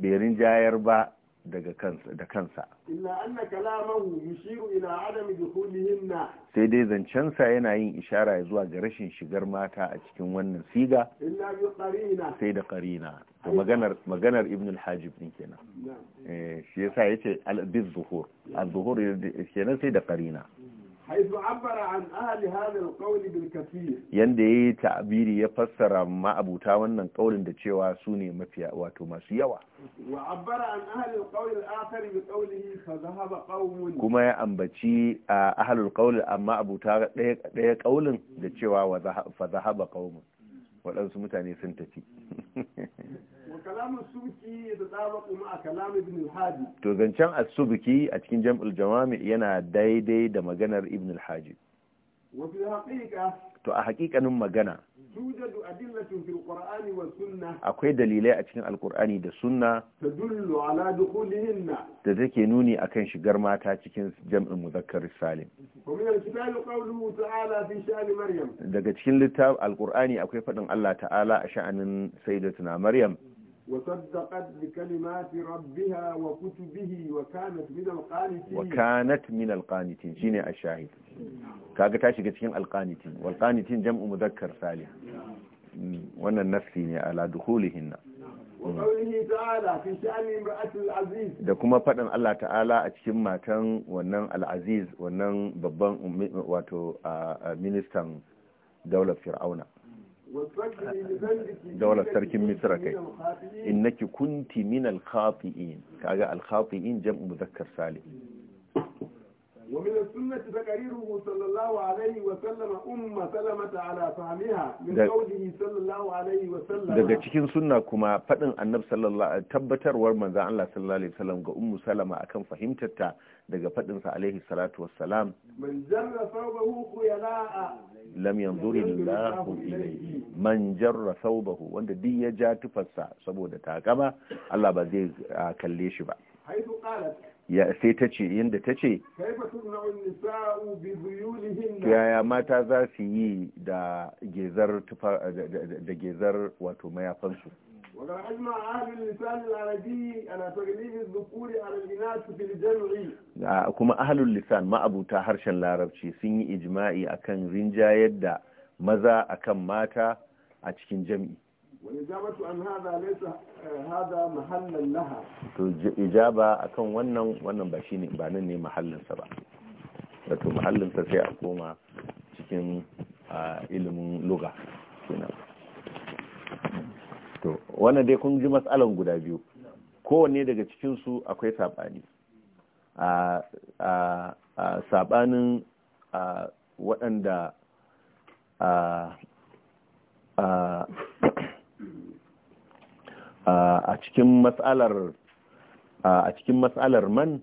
bai rinjayar ba daga kansa da kansa illa anna kalamahu yushiru ila adami dukhulihinna sai dai zancensa sa yana yin ishara zuwa ga rashin shigar mata a cikin wannan siga illa bi qarina sai da qarina to maganar maganar ibn al-hajib din kenan eh shi yasa yace al dhuhur al dhuhur kenan sai da qarina yanda ya yi ta'abiri ya fassara ma'abuta wannan ƙaunin da cewa su ne mafiya wato masu yawa kuma ya ambaci a ahalul ƙaunin amma abuta ɗaya ƙaunin da cewa fa zahaba ƙaunin waɗansu mutane sun tafi to zancen asubuki a cikin jam'ul jawami yana daidai da maganar ibn al haƙiƙa. to a haƙiƙanin magana akwai dalilai a cikin alkur'ani da sunna da take nuni a kan shigar mata cikin jam'in muzakkar salim daga cikin littafin alkur'ani akwai faɗin Allah ta'ala a sha'anin sayyidatuna maryam وصدقت بكلمات ربها وكتبه وكانت من القانتين وكانت من القانتين شيني الشاهد كاغا تاشي cikin القانتين والقانتين جمع مذكر سالم wannan nafsi ne ala dukhulihinna da kuma faɗan Allah ta'ala a cikin matan wannan al'aziz wannan babban wato ministan daular fir'auna daular sarkin misra kai innaki kunti min al-khati'in kaga al-khati'in jam'u muzakkar salim ومن السنة تقريره صلى الله عليه وسلم سلمة على فهمها من قوله صلى الله عليه وسلم daga cikin sunna kuma fadin annabi sallallahu tabbatarwar manzo Allah sallallahu alaihi sallam) ga ummu salama akan fahimtarta daga faɗin sa alaihi salatu wassalam man jarra thawbahu khuyala'a lam yanzuri illahu ilayhi man jarra thawbahu wanda duk ya ja tufarsa saboda takama Allah ba zai kalle shi ba ya sai ta ce yadda ta ce yaya mata za su yi da gezar wato mayafansu وقد أجمع أهل اللسان العربي على تغليب الذكور على الإناث في الجمع كما أهل اللسان ما أبو تهرش العربي سني إجماعي أكن رنجا يدا maza akan mata a cikin jam'i. To ijaba akan wannan wannan ba shi ne ba nan ne mahallinsa ba. Wato mahallinsa sai a koma cikin ilimin luga. to wannan dai kun ji matsalan guda biyu kowanne daga cikin su akwai saɓani a saɓanin waɗanda a cikin matsalar a cikin matsalar man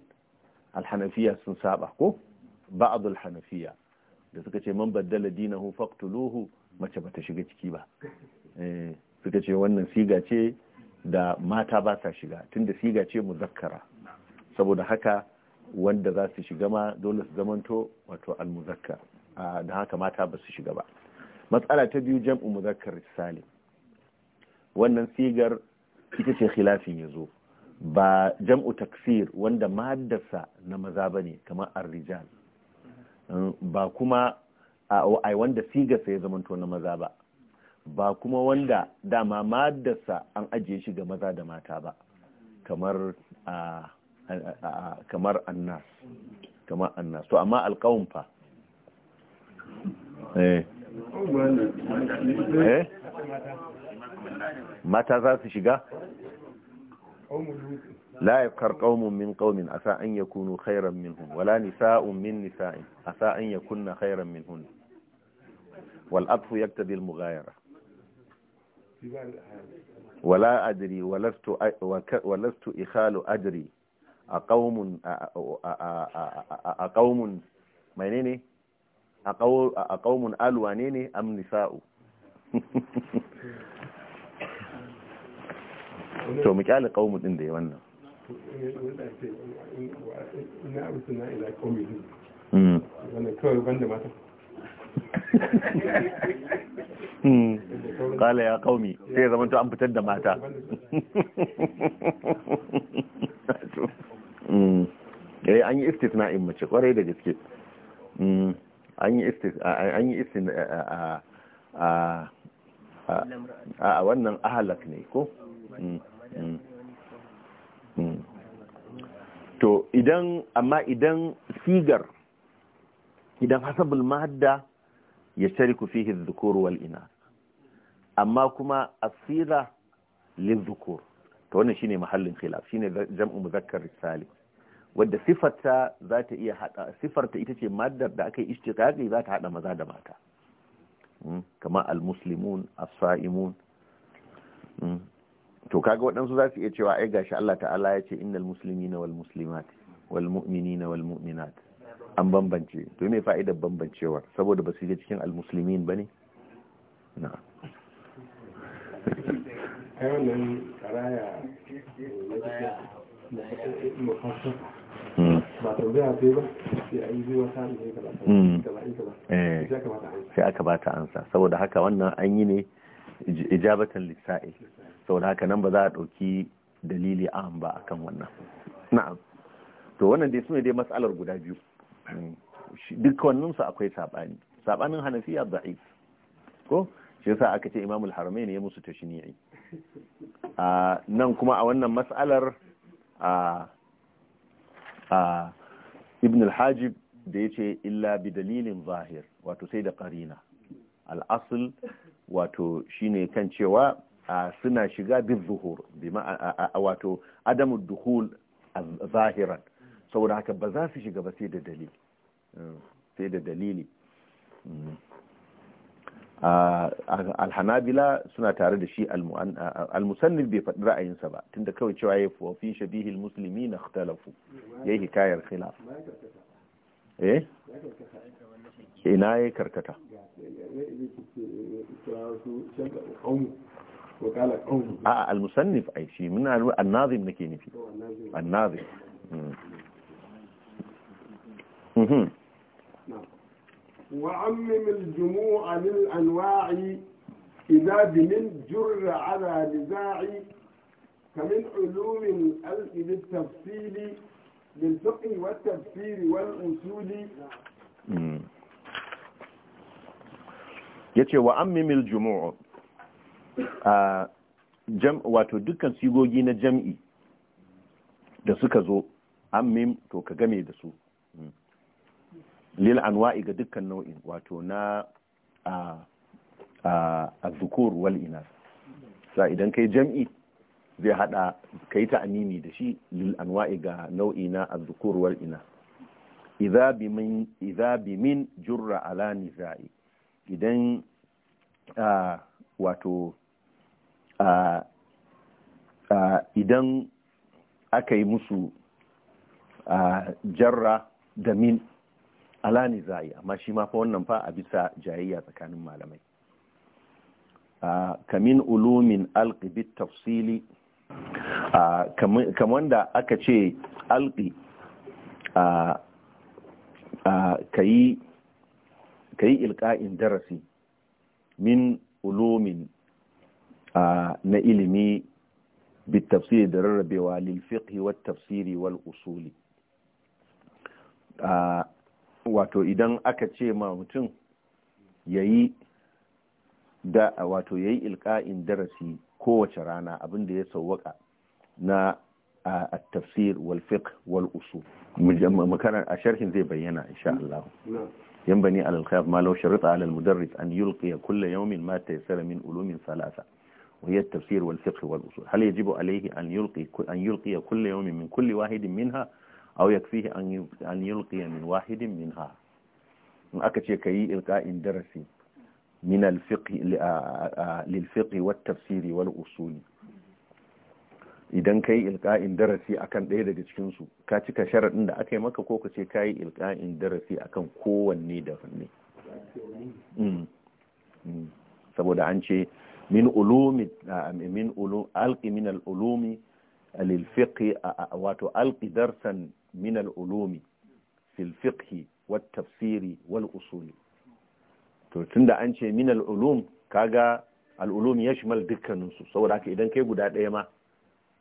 alhanafiya sun saba ko ba'adul hanafiyya da suka ce man baddala dinahu faqtuluhu mace bata shiga ciki ba eh. suka ce wannan siga ce da mata ba sa shiga tunda siga ce muzakkara saboda haka wanda za su shiga ma dole su zamanto wato almuzakkar da haka mata ba su shiga ba matsala ta biyu jam'u muzakkar salim wannan sigar ita ce khilafin ya zo ba jam'u taksir wanda maddarsa na maza ba ne kamar arrijal ba kuma a wanda sigarsa ya zamanto na maza ba ba kuma wanda dama madarsa an ajiye shi ga maza da mata ba kamar kamar annas kamar annas to amma alƙawun fa eh, eh? mata za su shiga la yakar qaumun min qaumin asa an yakunu khairan minhum wala nisa'un min nisa'in asa an yakunna khairan minhun wal athu yaktabi al mughayara wala adri walastu ikhalu adri a qaumun a qaumun menene to mu kyale qaumun da ya wannan kala ya kaumi sai zama to an fitar da mata eh an yi in mace kwarai da gaske an yi istisna a wannan ahalak ne ko mm, mm, mm. to idan amma idan sigar idan hasabul madda ya shariku fihi dhukur wal ina amma kuma asira lizukur to wannan shine mahallin khilaf shine jam'u muzakkar salim wadda sifarta za ta iya hada sifarta ita ce maddar da aka yi istiqaqi za ta hada maza da mata hmm, kama almuslimun as-sa'imun hmm, to kaga waɗansu za su iya cewa ai gashi Allah ta'ala ya ce innal muslimina wal muslimat wal mu'minina wal mu'minat an bambance to me fa'idar bambancewar saboda ba su ga cikin al-muslimin bane na'am wannan karaya eh, eh, hmm. ba sai ba sai an yi ba eh. sai aka ba ta ansa saboda haka wannan an yi ne ijabatan lisa'il saboda haka nan ba za a ɗauki dalili an ba akan wannan na'am to wannan dai ne dai matsalar guda biyu hmm. su akwai saɓani saɓanin hanafiya da'if ko shi yasa aka ce imamul haramain ya musu tashni'i a nan kuma a wannan mas'alar a a ibn al-hajib da yace illa bi dalilin zahir wato sai da qarina al-asl wato shine kan cewa suna shiga bin zuhur wato adamu duhul zahiran saboda haka ba za su shiga ba sai da dalili hmm, sai da dalili hmm. alhanabila suna tare da shi almusannif bai faɗi ra'ayinsa ba tunda kawai cewa ya fi wafi shabihil musulmi na talafu ya yi hikayar khilaf eh ina ya karkata a almusannif ai shi muna annazim nake nufi annazim وعمم الجموع للأنواع إذا بمن جر على نزاع فمن علوم الألف بالتفصيل للفقه والتفسير والأصول yace wa ammimil jumu'u a jam wato dukkan sigogi na jam'i da suka zo ammim to ka game da su lil anwa'i ga dukkan nau'in wato na azukur wal inas sa idan kai jam'i zai hada kai ta amimi da shi lil anwa'i ga nau'i na azukur wal inas idza bimin idza min jurra ala nizai idan wato idan aka yi musu jarra da min alani za a yi amma shi ma fa wannan fa a bisa jayayya tsakanin malamai kamin ulumin alƙibit tafsili kamar wanda aka ce alƙi ka yi ilƙa'in darasi min ulumin na ilimi bitafsiri da rarrabewa lil lilfiqhi wat tafsiri wal usuli wato idan aka ce ma mutum ya yi da wato ya yi ilka'in darasi kowace rana abin da ya sauwaka na a tafsir wal fiqh wal a sharhin zai bayyana insha Allah yan bani al-khayf ma sharita ala mudarris an yulqi kull yawmin ma tayassara min ulumin thalatha وهي التفسير والفقه والأصول هل يجب عليه أن يلقي, أن يلقي كل يوم من كل واحد منها aw yakfihi an yulqiya min wahidin minha in aka ce kayi ilqa'in darasi min al-fiqh lil fiqh wat tafsir wal usul idan kayi ilqa'in darasi akan ɗaya daga cikin su ka cika sharadin da aka yi maka ko ka ce kayi ilqa'in darasi akan kowanne da fanni saboda an ce min ulumi min ulum alqi min al-ulumi lil fiqh wato alqi darsan min al'ulumi fil fiqhi wat tafsiri wal usuli to tunda an ce min al'ulum kaga al'ulum ya shimal dukkaninsu saboda haka idan kai guda ɗaya ma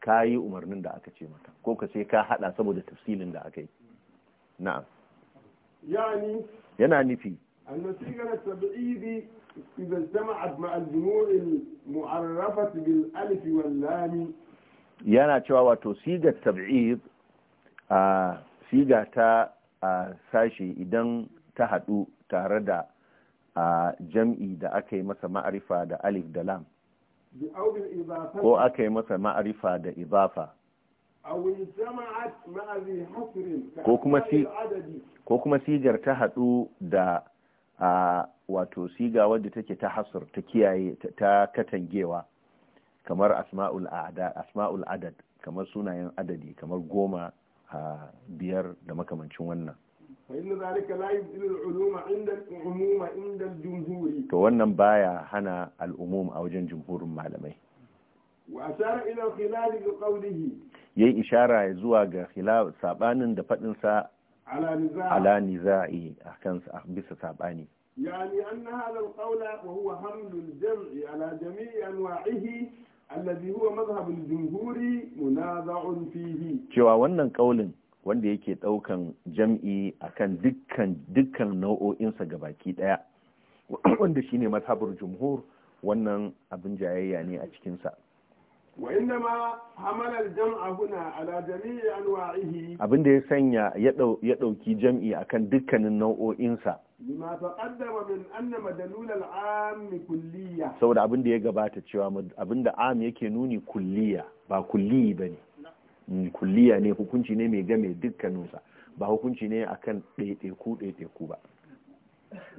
ka yi umarnin da aka ce maka ko ka ka haɗa saboda tafsilin da aka yi na'am yana nufi إذا اجتمعت مع الجموع المعرفة بالألف واللام yana cewa wato sigar tab'id a siga ta a sashe idan ta haɗu tare da a jam'i da aka yi masa ma'arifa da alif da lam ko aka yi masa ma'arifa da izafa ko kuma sigar ta haɗu da a wato siga wadda take ta hasur ta kiyaye ta katangewa kamar asma'ul adad kamar sunayen adadi kamar goma a biyar da makamancin wannan. To wannan baya hana al’umum a wajen jumhurin malamai. Ya yi ishara zuwa ga saɓanin da faɗinsa ala niza'i a bisa saɓani. Yani an na halar ƙaula wa huwa hamdul jam'i ala jami'i an wa'ihi alladhi huwa mazhabul jumhuri munaza'un fihi cewa wannan kaulin wanda yake daukan jam'i akan dukkan dukkan nau'o'insa gabaki daya wanda shine madhhabul jumhur wannan abin jayayya ne a cikin sa وإنما حمل الجمع هنا على جميع أنواعه abin da ya sanya ya dauki jam'i akan dukkanin nau'o'insa lima taqaddama min anna madalul al'am kulliya saboda abin da ya gabata cewa abin da am yake nuni kulliya ba kulli bane kulliya ne hukunci ne mai game dukkanin sa, ba hukunci ne akan ɗaiɗaiku ɗaiɗaiku ba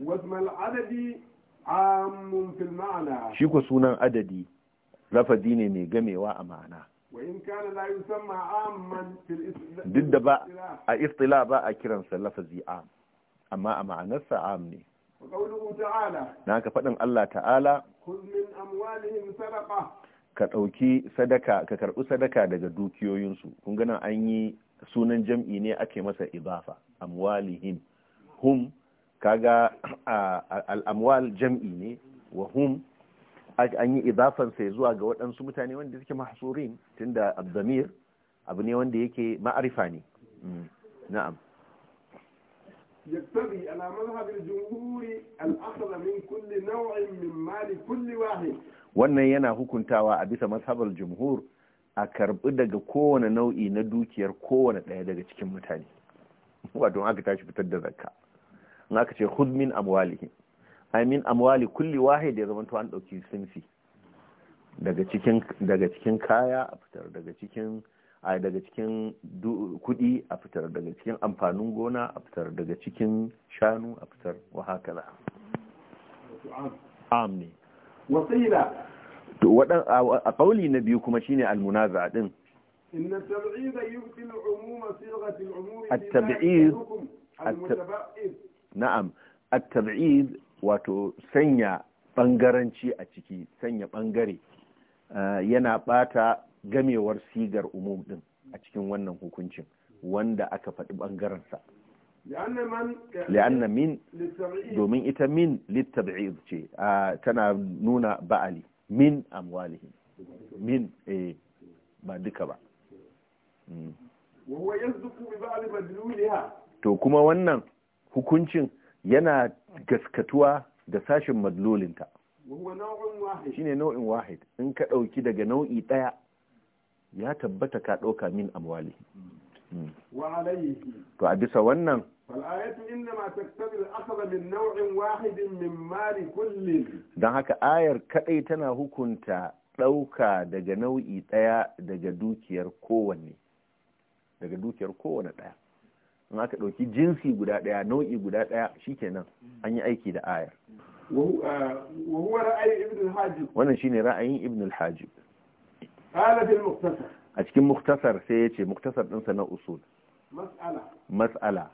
wasmal adadi amun fil ma'ana shi ko sunan adadi lafazi ne mai gamewa a ma'ana duk da ba a istila ba a kiransa lafazi am amma a ma'anarsa sa'am ne na ka faɗin Allah ta'ala ka ɗauki sadaka ka karɓi sadaka daga dukiyoyinsu kun ganin an yi sunan jam'i ne ake masa ibafa amwalihim hum kaga al'amwal jam'i ne wa hum an yi sai zuwa ga waɗansu mutane wanda suke mahasurin tunda abdamir abu ne wanda yake ma'arifa ne mm, na'am يقتضي على مذهب الجمهور الأخذ من كل نوع من مال كل واحد wannan yana hukuntawa a bisa mazhabar jumhur a karbi daga kowane nau'i na dukiyar kowane ɗaya daga cikin mutane wato aka tashi fitar da zakka in aka ce khudh min amwalihim ai min amwali kulli wahid ya zama to an ɗauki sinfi daga cikin daga cikin kaya a fitar daga cikin a daga cikin kuɗi a fitar daga cikin amfanin gona a fitar daga cikin shanu a fitar wa haka wasila a kauli na biyu kuma shine almunaza din inna tab'id yubtil na'am at-tab'id wato sanya bangaranci a ciki sanya bangare eh, yana bata gamewar sigar umum din a cikin wannan hukuncin wanda aka faɗi ɓangarensa li'anna min domin ita min littab'id ce tana nuna ba'ali min amwalihi min eh ba duka ba hmm. to kuma wannan hukuncin yana gaskatuwa da sashin madlulinta shine nau'in wahid in ka ɗauki daga nau'i ɗaya ya tabbata ka ɗauka min amwali hmm. to a bisa wannan min don haka ayar kadai tana hukunta ɗauka daga nau'i ɗaya daga dukiyar kowanne daga dukiyar kowanne ɗaya in aka ɗauki jinsi guda ɗaya nau'i guda ɗaya shikenan an yi aiki da ayar uh, wannan shine ra'ayin ibn al-hajib a cikin muktasar sai ya ce muktasar ɗinsa na usul mas'ala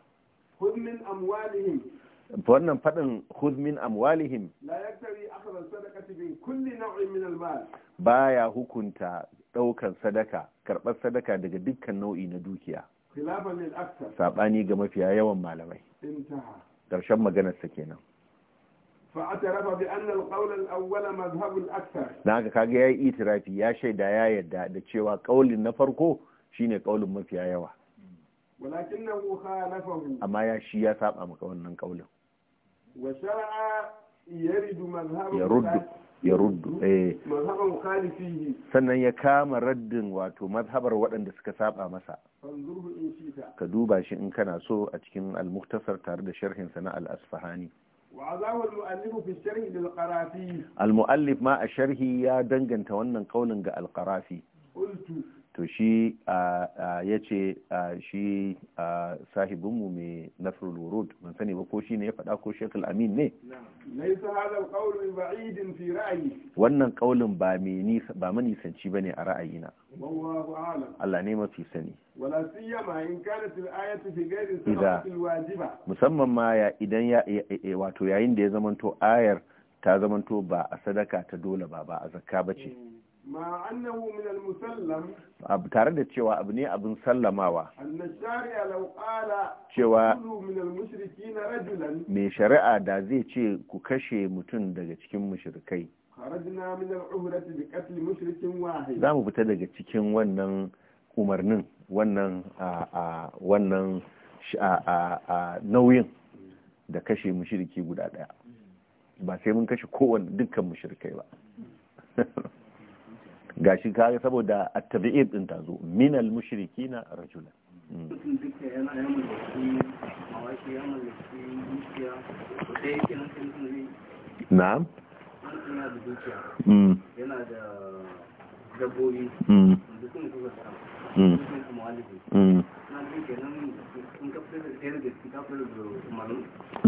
wannan faɗin hudmin amwalihim ba ya hukunta ɗaukar sadaka karɓar sadaka daga dukkan nau'i na dukiya saɓani ga mafiya yawan malamai ƙarshen maganarsa kenan فاعترف بأن القول الأول مذهب الأكثر نعم كاجي يا إترافي يا شيء دا يا يدا da cewa qaulin na farko shine qaulin mafiya yawa ولكنه خالفه amma ya shi ya saba maka wannan kaulin وشرع يرد مذهب يرد يرد eh مذهب مخالفيه sannan ya kama raddin wato mazhabar waɗanda suka saba masa ka duba shi in kana so a cikin al-mukhtasar tare da sharhin sana al-asfahani وعذاب المؤلف في الشرح للقرافي المؤلف ما الشرح يا دنجن تونن قولن القرافي قلت to shi ya ce shi sahibinmu mai nasrul wurud ban sani ba ko shi ne ya faɗa ko shekul amin ne wannan kaulin ba sanci ba ne a ra'ayina Allah ne mafi sani musamman ma idan ya wato yayin da ya zamanto ayar ta zamanto ba a sadaka ta dole ba ba a zakka ba ce mm. tare da cewa abu ne abin sallamawa cewa mai shari'a da zai ce ku kashe mutum daga cikin mushrikai za mu fita daga cikin wannan umarnin wannan wannan nauyin da kashe mushriki guda daya ba sai mun kashe kowane dukkan mushrikai ba gashi kare saboda hmm. a tabiid din tazo min al-mushrikina rajula na'am hmm. yana da dabbobi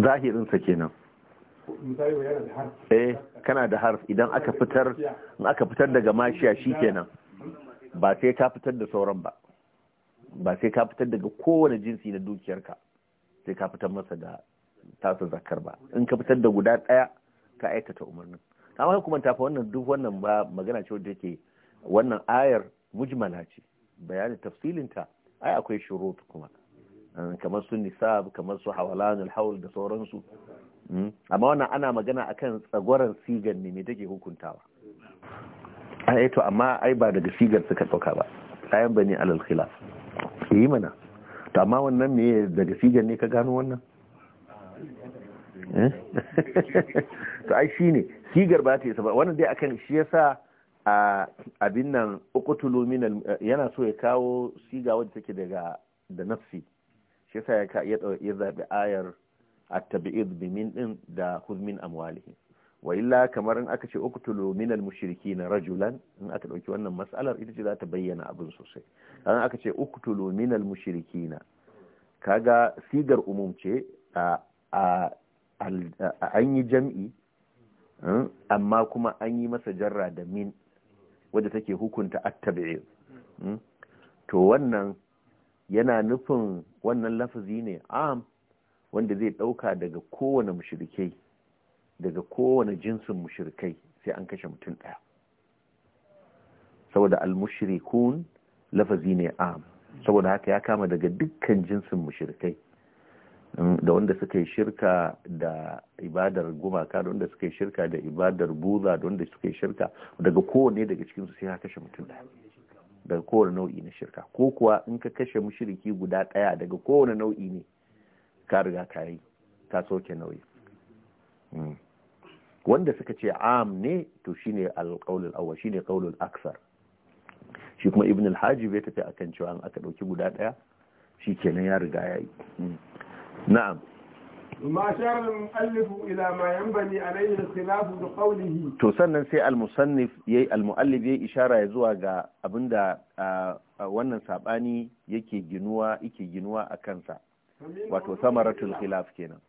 zahirinsa kenan eh kana da harf idan aka fitar in aka fitar daga mashiya shikenan ba sai ka fitar da sauran ba ba sai ka fitar daga kowane jinsi na dukiyarka sai ka fitar masa da tasa zakar ba in ka fitar da guda ɗaya ka aikata umarnin amma kuma fa wannan duk wannan ba magana ce wanda yake wannan ayar mujmala ce bayani ta ai akwai shurut kuma kamar su nisab kamar su hawalanul haul da sauransu Hmm? amma wannan ana magana akan tsagoran sigar ne mai take hukuntawa ai eh to amma ai ba daga sigar suka dauka ba kayan bane alal khilaf yi mana to amma wannan me daga sigar ne ka gano wannan eh? to ai shine sigar ba ta yi ba wannan dai akan shi yasa a abin nan uqtulu min yana so ya kawo siga wadda take daga da nafsi shi yasa ya ya zabi ayar at-tabi'id bi min din da khudh min amwalihim wa illa kamar in aka ce uqtulu min al-mushrikeena rajulan in aka dauki wannan mas'alar ita ce za ta bayyana abin sosai dan aka ce uqtulu min al-mushrikeena kaga sigar umum ce a an yi jam'i hmm, amma kuma an yi masa jarra da min wadda take hukunta at hmm. to wannan yana nufin wannan lafazi ne am wanda zai ɗauka daga kowane mushrikai daga kowane jinsin mushrikai sai an kashe mutum ɗaya saboda al-mushrikun lafazi ne am saboda haka ya kama daga dukkan jinsin mushrikai mm, da wanda suka yi shirka da ibadar gumaka da wanda suka yi shirka da ibadar buza da wanda suka yi shirka daga kowane daga cikin su sai ka kashe mutum ɗaya daga kowane nau'i na shirka ko kuwa in ka kashe mushriki guda ɗaya daga kowane nau'i ne ka riga ka yi ka soke nauyi hmm. wanda suka ce am ne to shine alqaulul awwal shine qaulul aksar shi kuma ibn al bai tafi akan cewa an aka dauki guda daya shikenan ya riga ya yi hmm. na'am ma shar al-muallif ila ma yanbani alayhi al-khilaf bi qawlihi to sannan sai al-musannif yayi al-muallif yayi ishara ya zuwa ga abinda wannan sabani yake ginuwa yake ginuwa akan sa wato samaratul khilaf kenan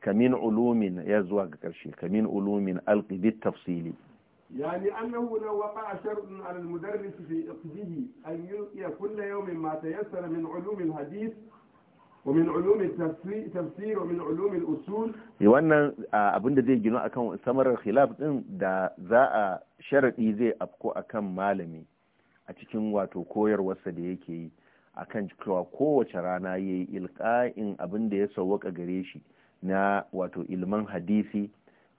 kamin ulumin ya zuwa ga karshe kamin ulumin alqibit tafsili yani annahu law waqa'a shartun 'ala al-mudarris fi iqdihi an yulqiya kull yawmin ma tayassara min ulum al-hadith ومن علوم min ومن علوم الأصول wannan abin da zai gino akan samarar khilaf din da za a sharadi zai afko akan malami a cikin wato koyarwarsa da yake yi akan cewa kowace rana ya yi ilka'in abin da ya sauwaka gare shi na wato ilimin hadisi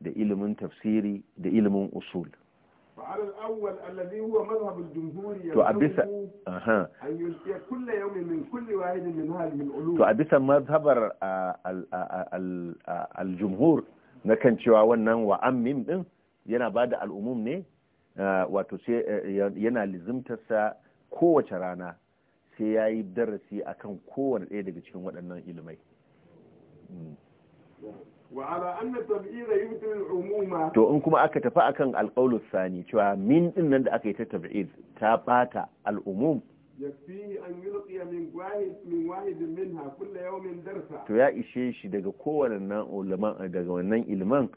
da ilimin tafsiri da ilimin usul to a bisa to a bisa mazhabar al-jumhur na kan cewa wannan ammin din yana ba da al'umum ne wato eh, yana lizimtarsa kowace rana sai ya yi darasi a kan kowane ɗaya daga cikin waɗannan ilimai to in kuma aka tafi akan alƙaulus sani cewa min ɗin nan da aka yi ta tabi'id ta ɓata al'umum to ya ishe shi daga kowane nan ulaman daga wannan ilman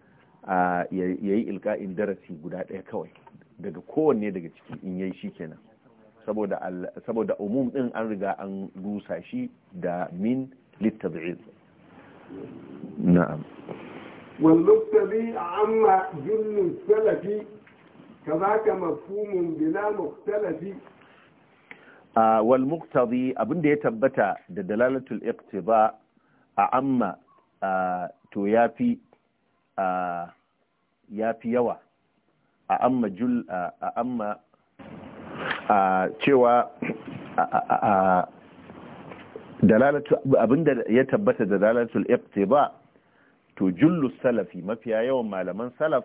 ya yi ilka'in darasi guda ɗaya kawai daga kowanne daga ciki in yayi shi kenan saboda saboda umum din an riga an rusa shi da min littabi'in na'am والمقتضي Salafi جل mafumin كذاك مفهوم A wal muktadi abinda ya tabbata da dalalatul iqtiba a amma to yafi yafi yawa a amma jul a amma A cewa abinda ya tabbata da dalalatul iqtiba to jullu salafi mafiya yawan malaman salaf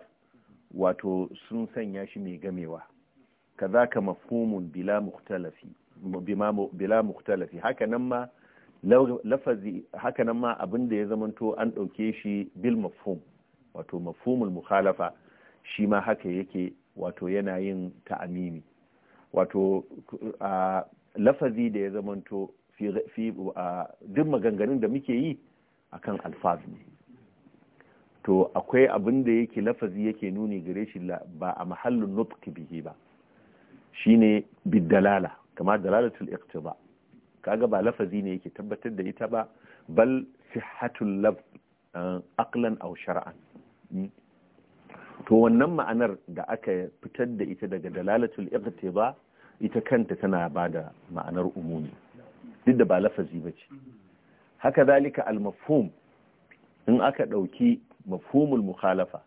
wato sun sanya shi mai gamewa kazaka mafhumun bila mukhtalafi bila mukhtalafi hakanan ma lafazi hakanan ma abinda ya zamanto an dauke shi bil mafhum wato mafhumul mukhalafa shi ma haka yake wato yana yin ta'amimi wato a lafazi da ya zamanto fi duk maganganun da muke yi akan alfaz ne to akwai abin da yake lafazi yake nuni gare shi ba a mahallin nufki bihi ba shi shine biddalala kama dalalatul ba kaga ba lafazi ne yake tabbatar da ita ba bal sihhatul laf aqlan aw shar'an hmm? to wannan ma'anar da aka fitar da ita daga dalalatul ba. ita kanta tana ba da ma'anar umumi duk da ba lafazi ba ce haka zalika al-mafhum in aka ɗauki mafhumul mukhalafa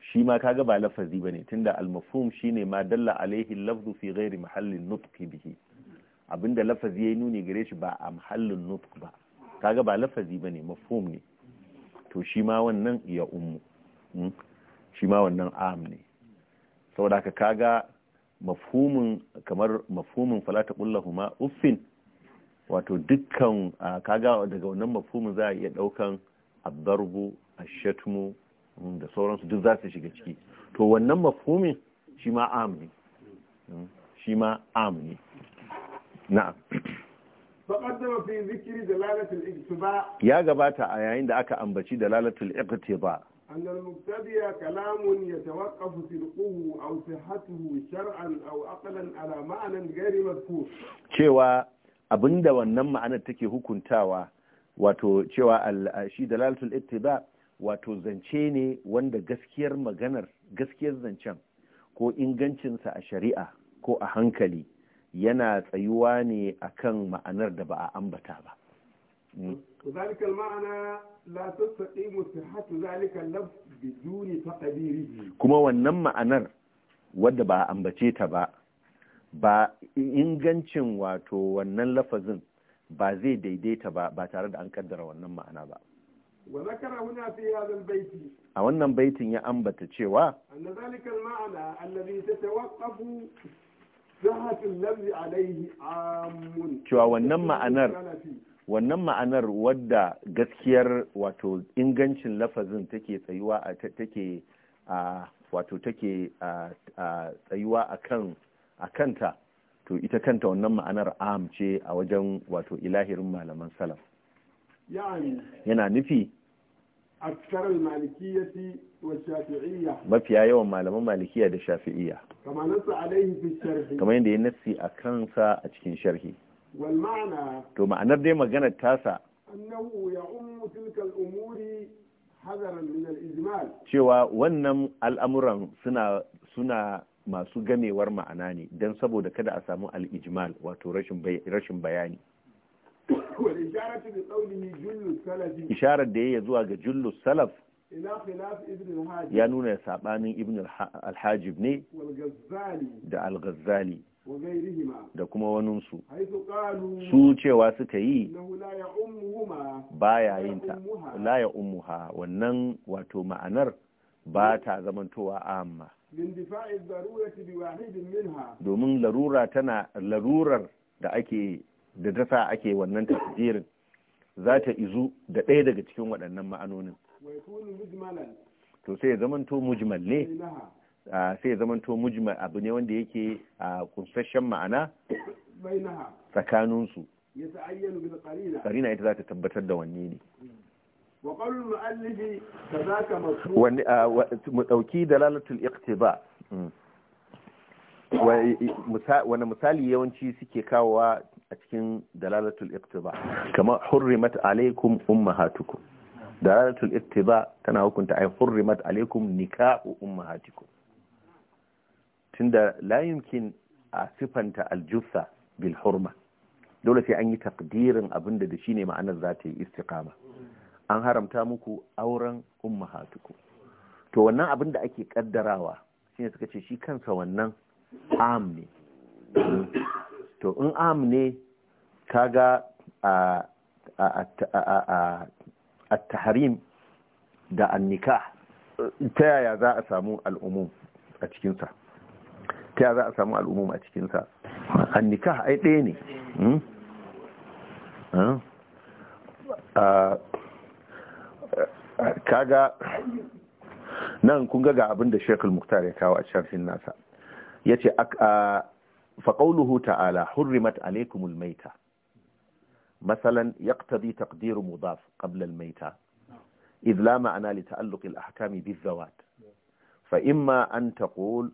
shi ma kaga ba lafazi bane tunda al-mafhum shine ma dalla alaihi lafzu fi ghairi mahallin nutqi bihi abinda lafazi yayi nuni gare shi ba a mahallin nutq ba kaga ba lafazi bane mafhum ne to shi ma wannan ya ummu hmm? shi ma wannan am ne saboda ka kaga mafhumin kamar mafhumin falata kullahuma uffin wato dukkan kaga daga wannan mafhumin za a iya daukan addarbu ashatmu mm, da sauransu duk za su shiga ciki to wannan mafhumin shi ma am ne mm, shi ma am ne na'am ya gabata a yayin da aka ambaci dalalatul iqtiba أن المبتدئ كلام يتوقف صدقه أو صحته شرعا أو أقلا على معنى غير مذكور cewa abinda wannan ma'anar take hukuntawa wato cewa shi dalalatul ittiba wato zance ne wanda gaskiyar maganar gaskiyar zancen ko ingancinsa a shari'a ko a hankali yana tsayuwa ne akan ma'anar da ba a ambata ba hmm. وذلك المعنى لا تستقيم صحة ذلك اللفظ بدون تقديره كما ونما أنر wadda ba a ambace ta ba ba ingancin wato wannan lafazin ba zai daidaita ba ba tare da an kaddara wannan ma'ana ba a wannan baitin ya ambata cewa cewa wannan ma'anar wannan ma'anar wadda gaskiyar wato ingancin lafazin take tsayuwa a take a wato take a tsayuwa akan akanta to ita kanta wannan ma'anar am ce a wajen wato ilahirin malaman salaf yana nufi أكثر المالكية والشافعية ما في آية وما لما مالكية ده شافعية كما نص عليه في الشرح كما يندي نسي أكنسا أتكين شرحي to ma'anar dai maganar tasa cewa wannan al'amuran suna suna masu gamewar ma'ana ne don saboda kada a samu al'ijimal, wato rashin bayani isharar da ya zuwa ga jullus salaf ya nuna saɓanin ibn al-hajib ne da al-ghazali da kuma waninsu su cewa suka yi ba yayin ta laya umuha wannan wato ma'anar ba ta zamantowa amma domin larura tana larurar da ake da ta sa ake wannan tafsirin za ta izu da ɗaya daga cikin waɗannan ma'anonin to sai zamanto mujmal ne sai ya zamanto mujma abu ne wanda yake a kunsashen ma'ana tsakaninsu karina ita za ta tabbatar da wanne ne mu ɗauki dalalatul ba, hmm. wani misali yawanci suke kawowa a cikin dalalatul iqtiba kama hurrimat alaikum ummahatukum dalalatul ba tana hukunta ai hurrimat alaikum nika'u ummahatikum tunda la yumkin a sifanta aljussa bil hurma dole sai an yi takdirin abinda da da shine ma'anar za ta yi istiqama an haramta muku auren ummahatuku to wannan abin da ake kaddarawa shine suka ce shi kansa wannan am ne to in am ne kaga a a a da annika ta yaya za a samu al'umum a cikinsa ta za a samu al'umma a cikinsa an nika ai ɗaya ne hmm? Hmm? kaga nan kun ga abin da shekul muktar ya kawo a sharfin nasa ya ce faƙauluhu ta'ala hurrimat alaikumul maita matsalan ya ƙtabi taƙdiru mudaf ƙablal maita la ma'ana li ta'alluƙi al'ahkami bizawa fa'imma an taƙol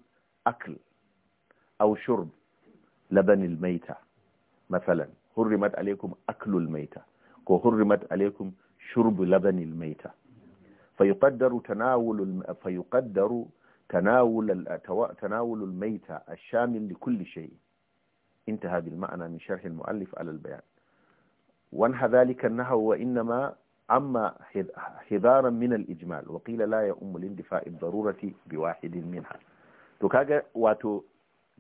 akil أو شرب لبن الميتة مثلا حرمت عليكم أكل الميتة وحرمت عليكم شرب لبن الميتة فيقدر تناول فيقدر تناول تناول الميتة الشامل لكل شيء انتهى بالمعنى من شرح المؤلف على البيان وانهى ذلك النهو وإنما أما حذارا من الإجمال وقيل لا يؤم الاندفاع الضرورة بواحد منها to kaga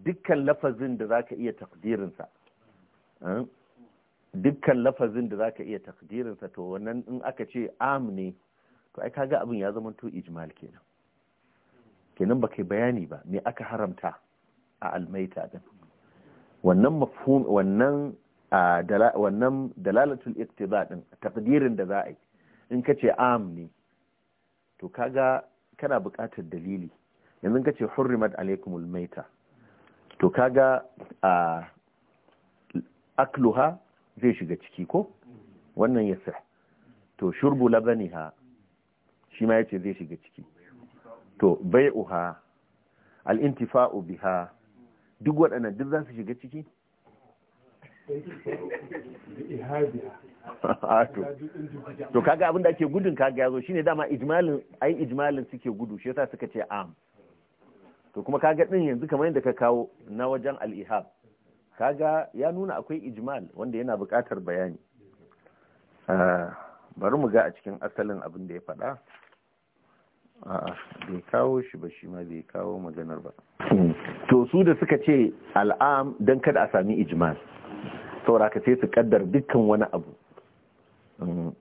dukkan lafazin da zaka iya takdirinsa eh? dukkan lafazin da zaka iya takdirinsa to wannan in aka ce am ne to ai kaga abin ya zama to ijmal kenan kenan ba kai bayani ba me aka haramta a almaita din wannan mafhum wannan wannan dalalatul iqtida din takdirin da za a yi in ka ce am ne to kaga kana buƙatar dalili yanzu ka ce hurrimat alaikumul maita to kaga a akluha zai shiga ciki ko wannan ya sa to shurbu labaniha shi ma yace zai shiga ciki to bai'uha al-intifa'u biha duk waɗannan duk za su shiga ciki to kaga abinda ake gudun kaga yazo shine dama ijmalin ai ijmalin suke gudu shi yasa suka ce am to kuma kaga din yanzu kamar yadda ka kawo na wajen al-ihab kaga ya nuna akwai ijmal wanda yana buƙatar bayani ah, bari mu ga a cikin asalin abin da ya faɗa a'a bai kawo shi ba shi ma bai kawo maganar ba to su da suka ce al'am don kada a sami ijmal ka sai su kaddar dukkan wani abu mm,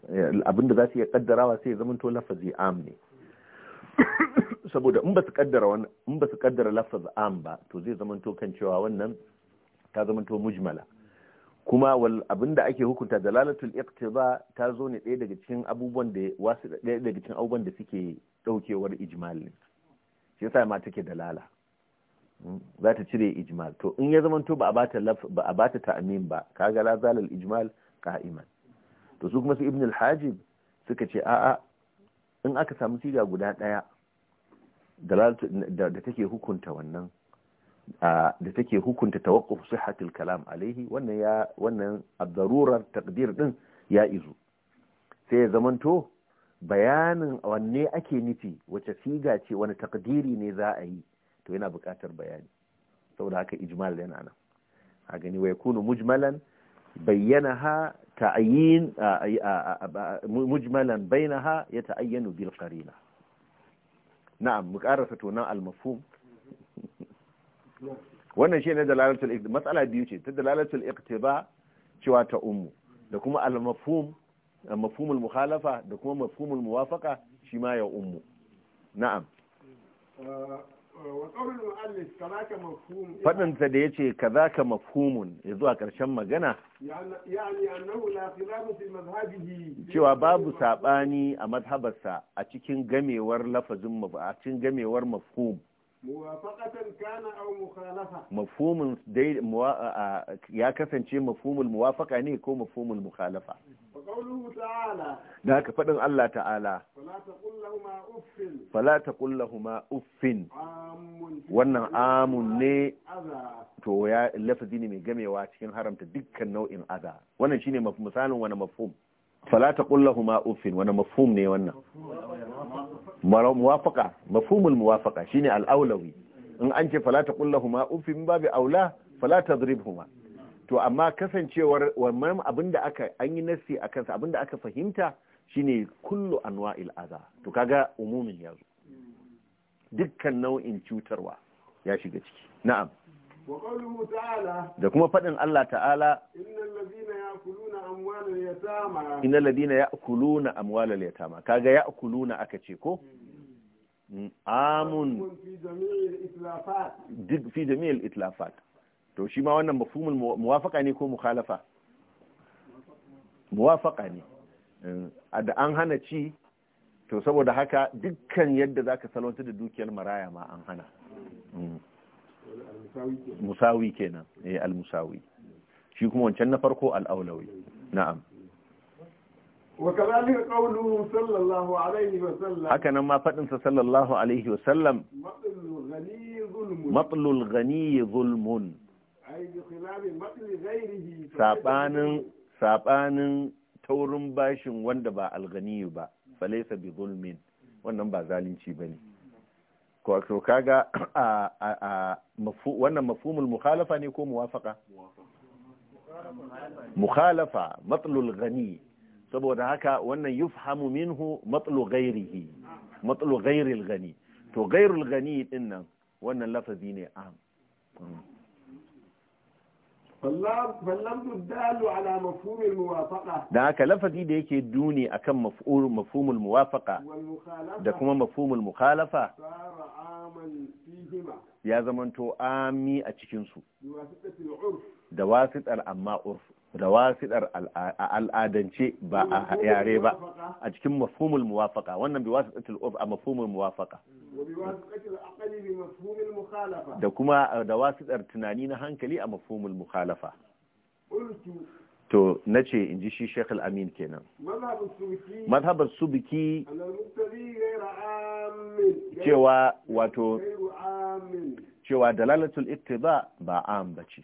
Abin da za su iya kaddarawa sai zama to lafazi am ne saboda in ba su kaddara wannan in ba su kaddara lafaz am ba to zai to kan cewa wannan ta to mujmala kuma wal abinda ake hukunta dalalatul iqtiba ta zo ne ɗaya daga cikin abubuwan da wasu ɗaya daga cikin abubuwan da suke daukewar ijmal ne shi yasa ma take dalala hmm, za ta cire ijmal to in ya zamanto ba a bata ba a bata ta'min ba kaga la zalal ijmal qa'iman to su kuma su ibn al-hajib suka ce a'a in aka samu siga guda ɗaya da take hukunta wannan da take hukunta sihhatil kalam alaihi wannan ya wannan ad-darurar taqdir din ya izu sai ya zamanto bayanin wanne ake nufi wace siga ce wani takdiri ne za a yi to yana buƙatar bayani saboda haka ijmal yana nan a gani wai yakunu mujmalan bayyanaha ha mujmalan bainaha yata'ayyanu bil qarina na'am mu karasa tonan al-mafhum wannan shi ne dalalatul iqtiba matsala biyu ce ta dalalatul iqtiba cewa ta ummu da kuma al-mafhum mafhumul mukhalafa da kuma mafhumul muwafaqa shi ma ya ummu na'am uh, faɗinsa da ya ce ka za ka mafhumun ya zuwa ƙarshen magana cewa babu saɓani a mazhabarsa a cikin gamewar lafazin a cikin gamewar mafhum muwafaqatan kana aw mukhalafa mafhumin dai ya kasance mafhumul muwafaka ne ko mafhumul mukhalafa qawluhu ta'ala da haka fadin Allah ta'ala fala taqul lahumā uffin wannan amun ne to ya lafazi ne mai gamewa cikin haramta dukkan nau'in aza wannan shine misalin wani mafum. Falata taqul lahumu wani mafhum ne wannan muwafaqa mafhumul muwafaqa shine al'aulawi. in an ce falata taqul lahumu uffin babu aula fala tadribhuma to amma kasancewar wannan abinda aka an yi nasi akan sa abinda aka fahimta shine kullu anwa'il adha to kaga umumin yazo dukkan nau'in cutarwa ya shiga ciki na'am da kuma faɗin Allah ta'ala inna ladina ya kuluna amwalar yatama kaga ya kuluna aka ce ko mm. amun fi jami'il itlafat to shi ma wannan mafhumul muwafaka ne ko mukhalafa muwafaka ne eh, da an hana ci to saboda haka dukkan yadda zaka salwantar da dukiyar maraya ma an hana mm. musawi kenan eh al-musawi shi kuma wancan na farko al-aulawi na'am وكذلك قوله صلى الله عليه وسلم هكذا ما فتنس صلى taurin bashin wanda ba alganiyu ba falaisa bi zulmin wannan ba zalunci bane wato kaga a wannan mafhumul mukhalafa ne ko muwafaqa mukhalafa matlul ghani saboda haka wannan yufhamu minhu matlu ghairihi matlu ghairil ghani to ghairul gani dinnan wannan lafazi ne am hmm. da haka lafazi da yake duni akan mafhumul muwafaqa da kuma mafhumul mukhalafa ya zamanto ami a cikinsu da wasitar amma urfu rawasidar a al'adance ba a yare ba a cikin mafhumul muwafaqa wannan bi wasitatul urf a mafhumul muwafaqa da kuma da wasitar tunani na hankali a mafhumul mukhalafa to nace in ji shi Sheikh Al-Amin kenan mazhabar subki cewa wato cewa dalalatul ittiba ba am bace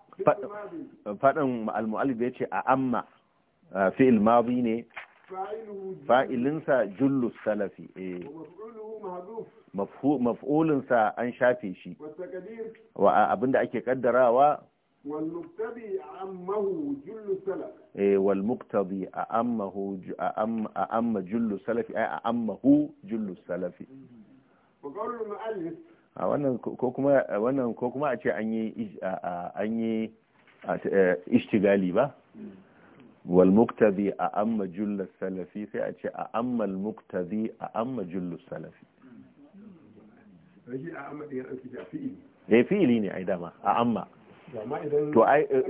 faɗin al’ulbe ce a amma fi’il mawi ne fa’ilinsa jullus salafi eh, maf'ulinsa an shafe shi wa abinda ake kaddarawa eh, walmuktabi a ammahu a amma jullus salafi ai a ammahu jullus salafi a wannan ko kuma wannan ko kuma a ce an yi an yi eh, ishtigali ba wal muqtadi a amma jullas salafi sai a ce a amma al muqtadi a amma jullus salafi a da fi'ili eh, fi'ili ne ai dama a amma to ai eh,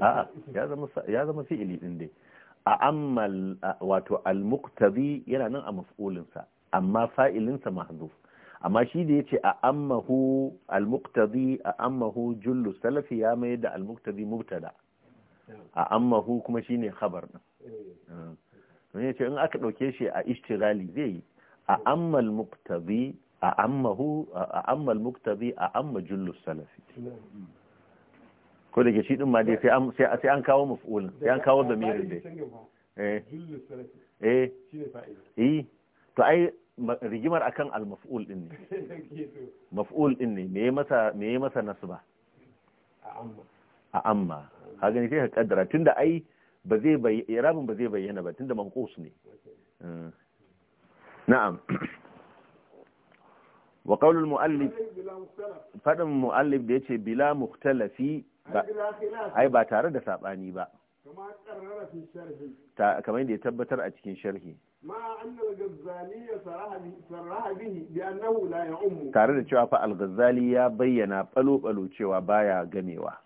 a'a ya zama ya zama fi'ili din dai a amma wato al muqtadi yana nan a maf'ulin sa amma fa'ilinsa mahdhuf amma shi da yace a ammahu al-muqtadi a ammahu jullu salafi ya mai da al-muqtadi mubtada a ammahu kuma shine khabar din don eh. yace in aka dauke shi a ishtigali zai yi a amma al-muqtadi a ammahu a amma al-muqtadi a amma jullu salafi ko da ke shi din ma dai sai an sai an kawo maf'ulin sai an kawo damirin dai eh eh eh to ai rigimar akan al-maf'ul din ne maf'ul din ne me yi masa me masa nasba a amma a gani sai ka kaddara tunda ai ba zai bai irabin ba zai bayyana ba tunda manqus ne eh. na'am wa qawl al-mu'allif fadin mu'allif da yace bila mukhtalafi ai ba tare da sabani ba kamar yadda ya tabbatar a cikin sharhi tare da cewa fa al ya bayyana balo-balo cewa baya gamewa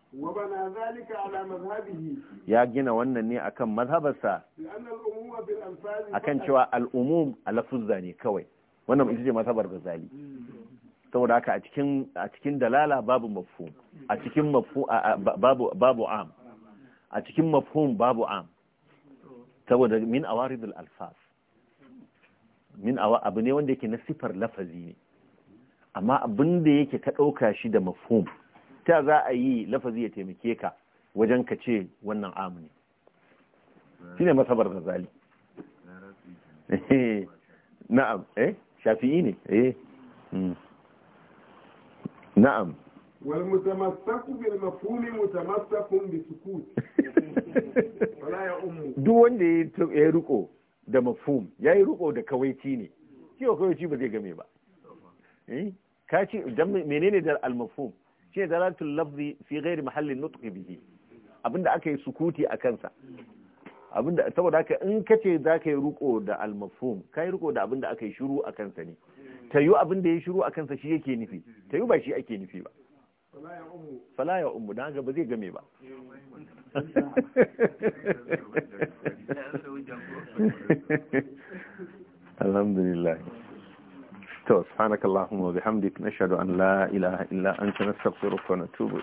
ya gina wannan ne akan mazhabarsa akan cewa al'umum a lafuzza ne kawai wannan ita ce mazhabar ghazali saboda haka a cikin a cikin dalala babu mafhum a cikin mafhum babu babu am a cikin mafhum babu am saboda min awaridul alfaz min awa abu ne wanda yake na sifar lafazi ne amma abin da yake ka ɗauka shi da mafhum ta za a yi lafazi ya taimake ka wajen ka ce wannan amu ne shi ne masabar ghazali eh, na'am eh shafi'i ne eh hmm. na'am wal mutamassaku bil mafhumi mutamassakun bi sukut wala ya ummu duk wanda ya riko da ya yi ruko da kawaici ne cewa kawaici ba zai game ba eh? ka ce menene da al-mafhum shine dalalatul lafzi fi muhallin mahallin nutqi bihi abinda aka yi sukuti a kansa abinda saboda haka in ka ce za ka yi riko da almafhum ka yi riko da abinda aka yi shiru a kansa ne ta yi abinda ya shiru a kansa shi yake nufi ta yi ba shi ake nufi ba fala ya umu don haka ba zai game ba alhamdulillah to subhanakallahumma wa bihamdik nashhadu an la ilaha illa anta nastaghfiruka wa natubu